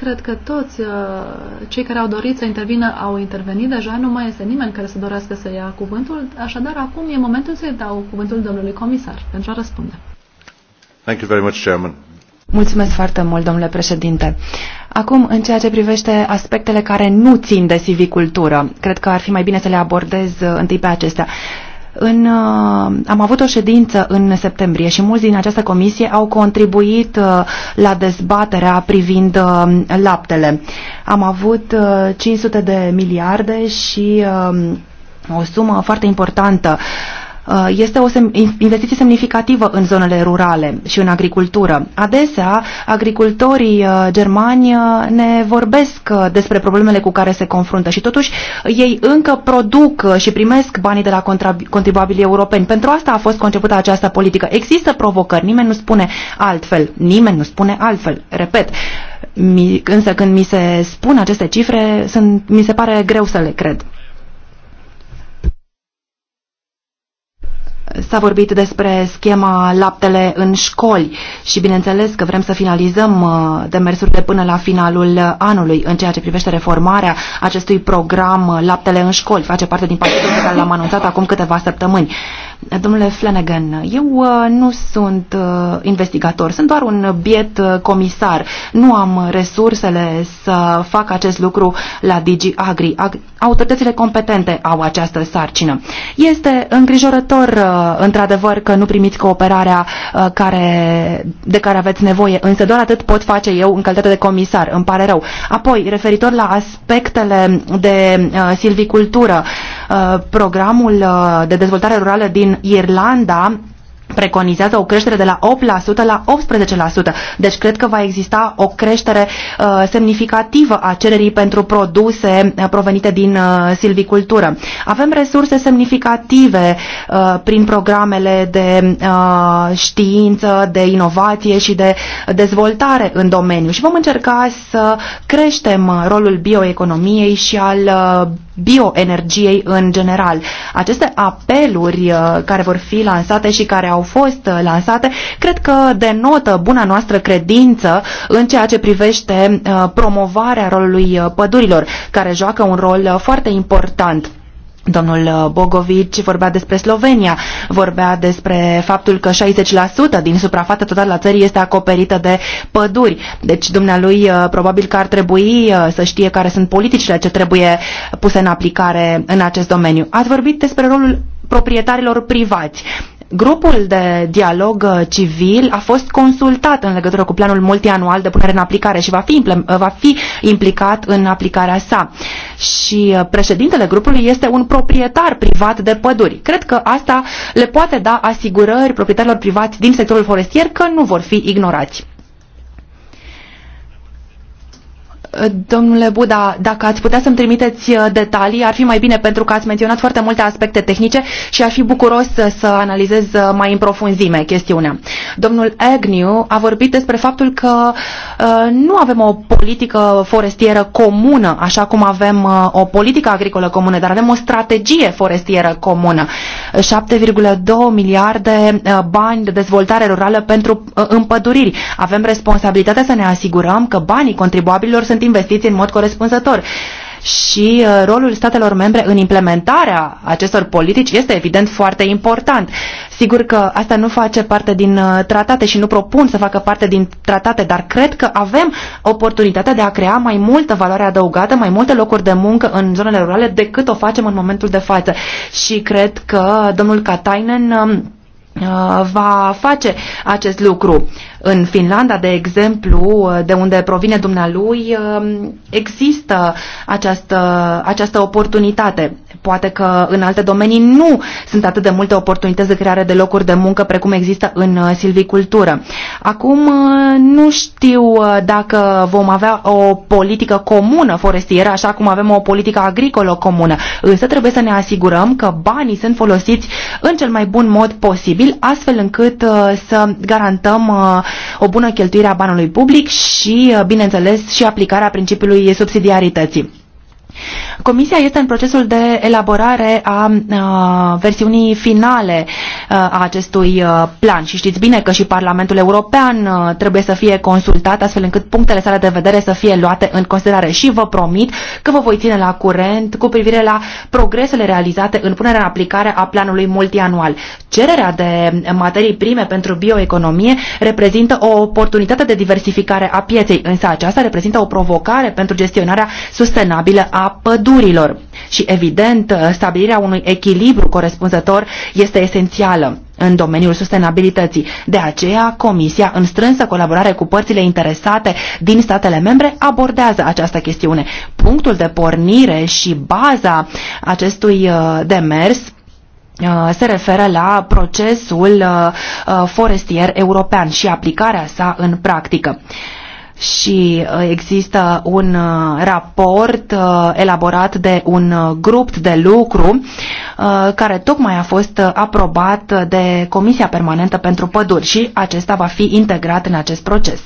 cred că toți uh, cei care au dorit să intervină au intervenit deja, nu mai este nimeni care să dorească să ia cuvântul, așadar acum e momentul să-i dau cuvântul domnului comisar pentru a răspunde. Thank you very much, Chairman. Mulțumesc foarte mult, domnule președinte. Acum, în ceea ce privește aspectele care nu țin de civicultură, cred că ar fi mai bine să le abordez uh, întâi pe acestea. În, uh, am avut o ședință în septembrie și mulți din această comisie au contribuit uh, la dezbaterea privind laptele. Am avut 500 de miliarde și um, o sumă foarte importantă Uh, este o investiție semnificativă în zonele rurale și în agricultură. Adesea, agricultorii uh, germani uh, ne vorbesc despre problemele cu care se confruntă și totuși ei încă produc și primesc banii de la contribuabilii europeni. Pentru asta a fost concepută această politică. Există provocări, nimeni nu spune altfel, nimeni nu spune altfel. Repet, mi, însă când mi se spun aceste cifre, sunt, mi se pare greu să le cred. S-a vorbit despre schema laptele în școli și bineînțeles că vrem să finalizăm uh, demersurile până la finalul anului în ceea ce privește reformarea acestui program uh, laptele în școli. Face parte din pachetul pe care l-am anunțat acum câteva săptămâni. Domnule Flanagan, eu uh, nu sunt uh, investigator, sunt doar un biet uh, comisar. Nu am resursele să fac acest lucru la Digi Agri. Autoritățile competente au această sarcină. Este îngrijorător, într-adevăr, că nu primiți cooperarea care, de care aveți nevoie, însă doar atât pot face eu în calitate de comisar. Îmi pare rău. Apoi, referitor la aspectele de silvicultură, Uh, programul uh, de dezvoltare rurală din Irlanda preconizează o creștere de la 8% la 18%. Deci cred că va exista o creștere uh, semnificativă a cererii pentru produse uh, provenite din uh, silvicultură. Avem resurse semnificative uh, prin programele de uh, știință, de inovație și de dezvoltare în domeniu și vom încerca să creștem rolul bioeconomiei și al uh, bioenergiei în general. Aceste apeluri uh, care vor fi lansate și care au fost uh, lansate, cred că denotă buna noastră credință în ceea ce privește uh, promovarea rolului pădurilor, care joacă un rol foarte important Domnul uh, Bogovici vorbea despre Slovenia, vorbea despre faptul că 60% din suprafața totală a țării este acoperită de păduri. Deci dumnealui uh, probabil că ar trebui uh, să știe care sunt politicile ce trebuie puse în aplicare în acest domeniu. Ați vorbit despre rolul proprietarilor privați. Grupul de dialog uh, civil a fost consultat în legătură cu planul multianual de punere în aplicare și va fi, uh, va fi implicat în aplicarea sa. Și uh, președintele grupului este un proprietar privat de păduri. Cred că asta le poate da asigurări proprietarilor privați din sectorul forestier că nu vor fi ignorați. Domnule Buda, dacă ați putea să-mi trimiteți uh, detalii, ar fi mai bine pentru că ați menționat foarte multe aspecte tehnice și ar fi bucuros să analizez uh, mai în profunzime chestiunea. Domnul Agnew a vorbit despre faptul că uh, nu avem o politică forestieră comună, așa cum avem o politică agricolă comună, dar avem o strategie forestieră comună. 7,2 miliarde bani de dezvoltare rurală pentru împăduriri. Avem responsabilitatea să ne asigurăm că banii contribuabililor sunt sunt investiți în mod corespunzător și uh, rolul statelor membre în implementarea acestor politici este evident foarte important. Sigur că asta nu face parte din uh, tratate și nu propun să facă parte din tratate, dar cred că avem oportunitatea de a crea mai multă valoare adăugată, mai multe locuri de muncă în zonele rurale decât o facem în momentul de față. Și cred că domnul Katainen um, uh, va face acest lucru. În Finlanda, de exemplu, de unde provine dumnealui, um, există această, această oportunitate. Poate că în alte domenii nu sunt atât de multe oportunități de creare de locuri de muncă precum există în uh, silvicultură. Acum uh, nu știu uh, dacă vom avea o politică comună forestieră, așa cum avem o politică agricolă comună, însă trebuie să ne asigurăm că banii sunt folosiți în cel mai bun mod posibil, astfel încât să garantăm o bună cheltuire a banului public și, uh, bineînțeles, și aplicarea principiului subsidiarității. Comisia este în procesul de elaborare a, a uh, versiunii finale uh, a acestui uh, plan și știți bine că și Parlamentul European trebuie să fie consultat astfel încât punctele sale de vedere să fie luate în considerare și vă promit că vă voi ține la curent cu privire la progresele realizate în punerea în aplicare a planului multianual. Cererea de materii prime pentru bioeconomie reprezintă o oportunitate de diversificare a pieței, însă aceasta reprezintă o provocare pentru gestionarea sustenabilă a pădurilor. Și evident, stabilirea unui echilibru corespunzător este esențială în domeniul sustenabilității. De aceea, Comisia, în strânsă colaborare cu părțile interesate din statele membre, abordează această chestiune. Punctul de pornire și baza acestui uh, demers uh, se referă la procesul uh, forestier european și aplicarea sa în practică și uh, există un uh, raport uh, elaborat de un grup de lucru care tocmai a fost aprobat de Comisia Permanentă pentru Păduri și acesta va fi integrat în acest proces.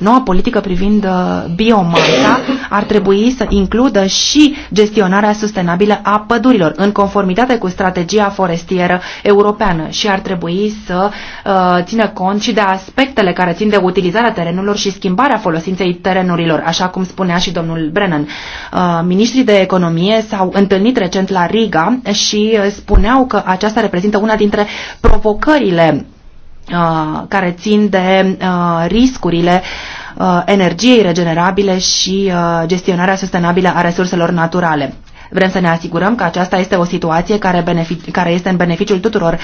Noua politică privind uh, biomasa ar trebui să includă și gestionarea sustenabilă a pădurilor în conformitate cu strategia forestieră europeană și ar trebui să uh, țină cont și de aspectele care țin de utilizarea terenurilor și schimbarea folosinței terenurilor, așa cum spunea și domnul Brennan. Uh, ministrii de economie s-au întâlnit recent la Riga și uh, spuneau că aceasta reprezintă una dintre provocările Uh, care țin de uh, riscurile uh, energiei regenerabile și gestionarea sustenabilă a resurselor naturale. Vrem să ne asigurăm că aceasta este o situație care, benefic- care este în beneficiul tuturor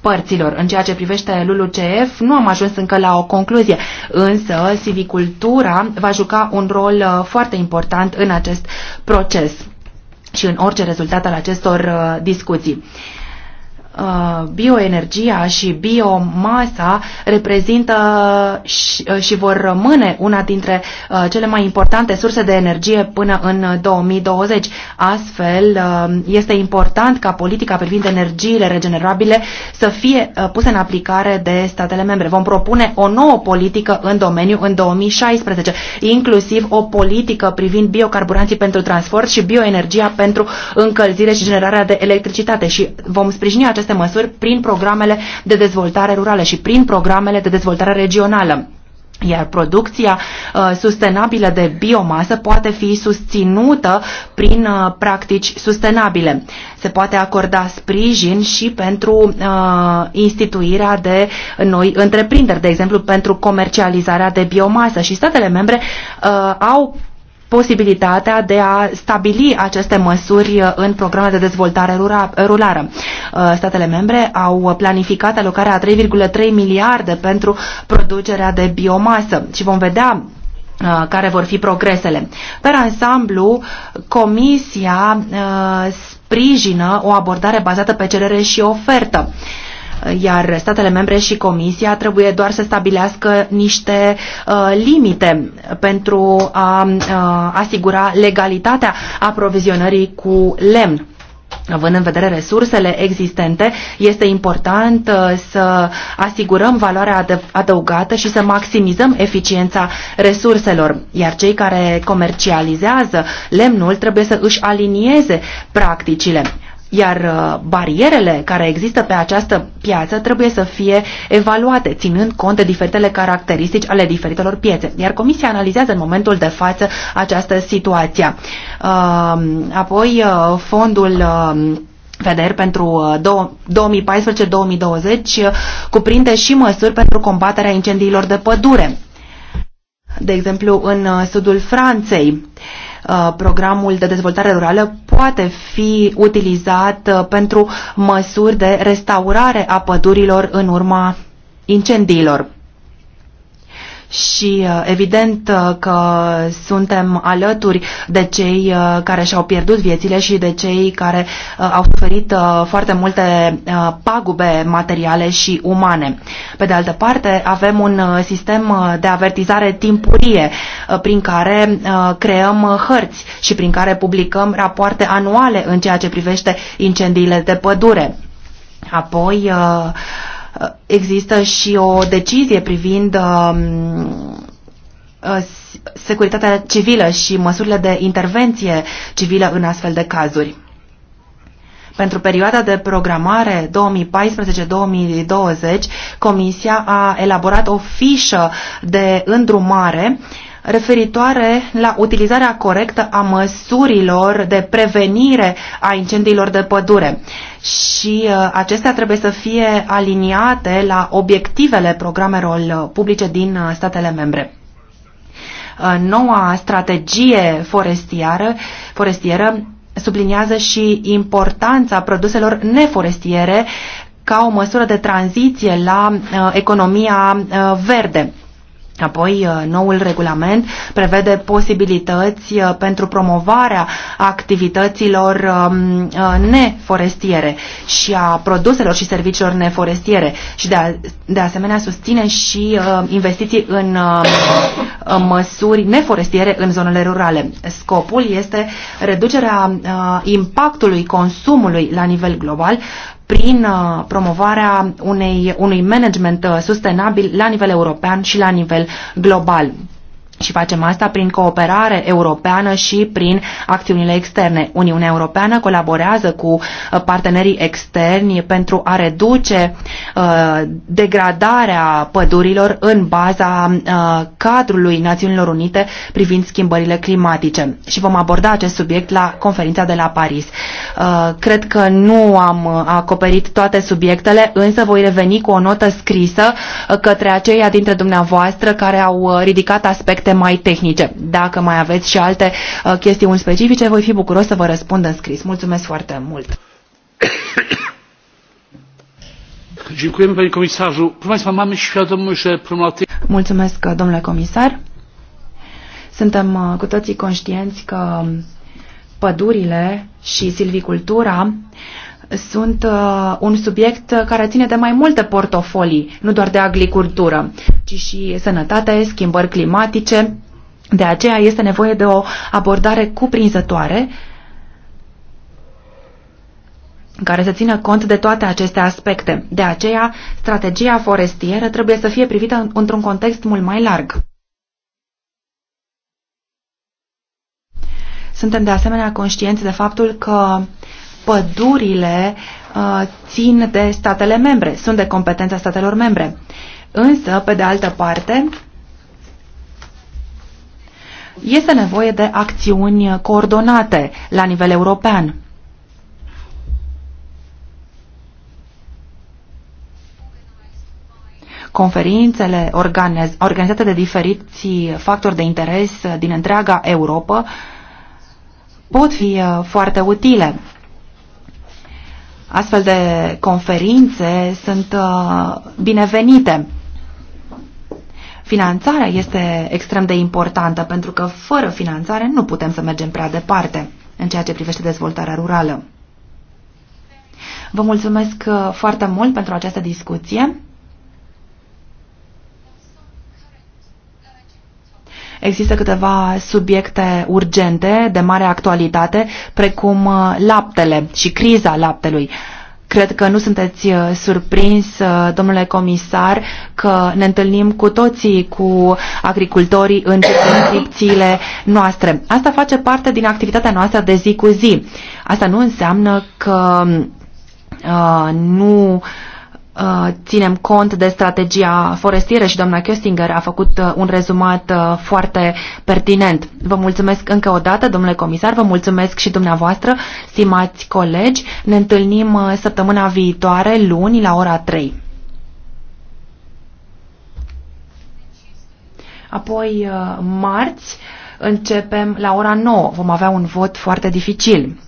părților. În ceea ce privește LULUCF, nu am ajuns încă la o concluzie, însă civicultura va juca un rol foarte important în acest proces și în orice rezultat al acestor discuții. Uh, bioenergia și biomasa reprezintă și uh, vor rămâne una dintre uh, cele mai importante surse de energie până în 2020. Astfel, este important ca politica privind energiile regenerabile să fie pusă în aplicare de statele membre. Vom propune o nouă politică în domeniu în 2016, inclusiv o politică privind biocarburanții pentru transport și bioenergia pentru încălzire și generarea de electricitate și vom sprijini acest aceste măsuri prin programele de dezvoltare rurală și prin programele de dezvoltare regională iar producția uh, sustenabilă de biomasă poate fi susținută prin uh, practici sustenabile. Se poate acorda sprijin și pentru uh, instituirea de noi întreprinderi, de exemplu pentru comercializarea de biomasă și statele membre uh, au posibilitatea de a stabili aceste măsuri uh, în programele de dezvoltare rurală. Uh, statele membre au planificat alocarea a 3,3 miliarde pentru producerea de biomasă și vom vedea uh, care vor fi progresele. Per ansamblu, Comisia sprijină o abordare bazată pe cerere și ofertă iar statele membre și Comisia trebuie doar să stabilească niște uh, limite pentru a uh, asigura legalitatea aprovizionării cu lemn. Având în vedere resursele existente, este important uh, să asigurăm valoarea adăugată și să maximizăm eficiența resurselor, iar cei care comercializează lemnul trebuie să își alinieze practicile. Iar uh, barierele care există pe această piață trebuie să fie evaluate, ținând cont de diferitele caracteristici ale diferitelor piețe. Iar Comisia analizează în momentul de față această situație. Um, apoi, uh, fondul um, FEDER pentru 2014-2020 uh, cuprinde și măsuri pentru combaterea incendiilor de pădure. De exemplu, în sudul Franței Uh, programul de dezvoltare rurală poate fi utilizat uh, pentru măsuri de restaurare a pădurilor în urma incendiilor și uh, evident uh, că suntem alături de cei uh, care și-au pierdut viețile și de cei care au suferit foarte multe pagube materiale și umane. Pe de altă parte, avem un sistem de avertizare timpurie prin care creăm hărți și prin care publicăm rapoarte anuale în ceea ce privește incendiile de pădure. Apoi Uh, există și o decizie privind um, uh, securitatea civilă și măsurile de intervenție civilă în astfel de cazuri. Pentru perioada de programare 2014-2020, Comisia a elaborat o fișă de îndrumare uh, referitoare la utilizarea corectă a măsurilor de prevenire a incendiilor de pădure și uh, acestea trebuie să fie aliniate la obiectivele programelor publice din uh, statele membre uh, noua strategie forestieră, forestieră subliniază și importanța produselor neforestiere ca o măsură de tranziție la uh, economia uh, verde. Apoi, uh, noul regulament prevede posibilități uh, pentru promovarea activităților um, uh, neforestiere și a produselor și serviciilor neforestiere și de, de asemenea susține și investiții în măsuri neforestiere în zonele rurale. Scopul este reducerea impactului consumului la nivel global prin uh, promovarea unei, unui management uh, sustenabil la nivel european și la nivel global. Și facem asta prin cooperare europeană și prin acțiunile externe. Uniunea Europeană colaborează cu uh, partenerii externi pentru a reduce uh, degradarea pădurilor în baza uh, cadrului Națiunilor Unite privind schimbările climatice. Și vom aborda acest subiect la conferința de la Paris. Uh, cred că nu am uh, acoperit toate subiectele, însă voi reveni cu o notă scrisă uh, către aceia dintre dumneavoastră care au ridicat aspecte aspecte mai tehnice. Dacă mai aveți și alte uh, chestiuni specifice, voi fi bucuros să vă răspund în scris. Mulțumesc foarte mult! (coughs) Mulțumesc, domnule comisar. Suntem uh, cu toții conștienți că pădurile și silvicultura sunt uh, un subiect care ține de mai multe portofolii, nu doar de agricultură, ci și sănătate, schimbări climatice. De aceea este nevoie de o abordare cuprinzătoare care să țină cont de toate aceste aspecte. De aceea, strategia forestieră trebuie să fie privită într-un context mult mai larg. Suntem de asemenea conștienți de faptul că pădurile uh, țin de statele membre, sunt de competența statelor membre. Însă, pe de altă parte, este nevoie de acțiuni coordonate la nivel european. conferințele organiz organizate de diferiți factori de interes din întreaga Europa pot fi uh, foarte utile. Astfel de conferințe sunt uh, binevenite. Finanțarea este extrem de importantă pentru că fără finanțare nu putem să mergem prea departe în ceea ce privește dezvoltarea rurală. Vă mulțumesc uh, foarte mult pentru această discuție. Există câteva subiecte urgente de mare actualitate, precum uh, laptele și criza laptelui. Cred că nu sunteți uh, surprins, uh, domnule comisar, că ne întâlnim cu toții cu agricultorii în circunscripțiile noastre. Asta face parte din activitatea noastră de zi cu zi. Asta nu înseamnă că uh, nu uh, Uh, ținem cont de strategia forestieră și doamna Köstinger a făcut uh, un rezumat uh, foarte pertinent. Vă mulțumesc încă o dată, domnule comisar, vă mulțumesc și dumneavoastră, stimați colegi. Ne întâlnim săptămâna viitoare, luni, la ora 3. Apoi, marți, începem la ora 9. Vom avea un vot foarte dificil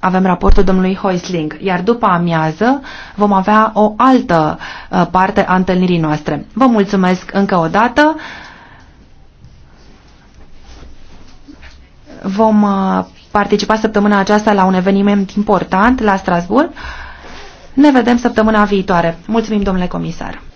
avem raportul domnului Hoisling, iar după amiază vom avea o altă uh, parte a întâlnirii noastre. Vă mulțumesc încă o dată. Vom uh, participa săptămâna aceasta la un eveniment important la Strasburg. Ne vedem săptămâna viitoare. Mulțumim, domnule comisar.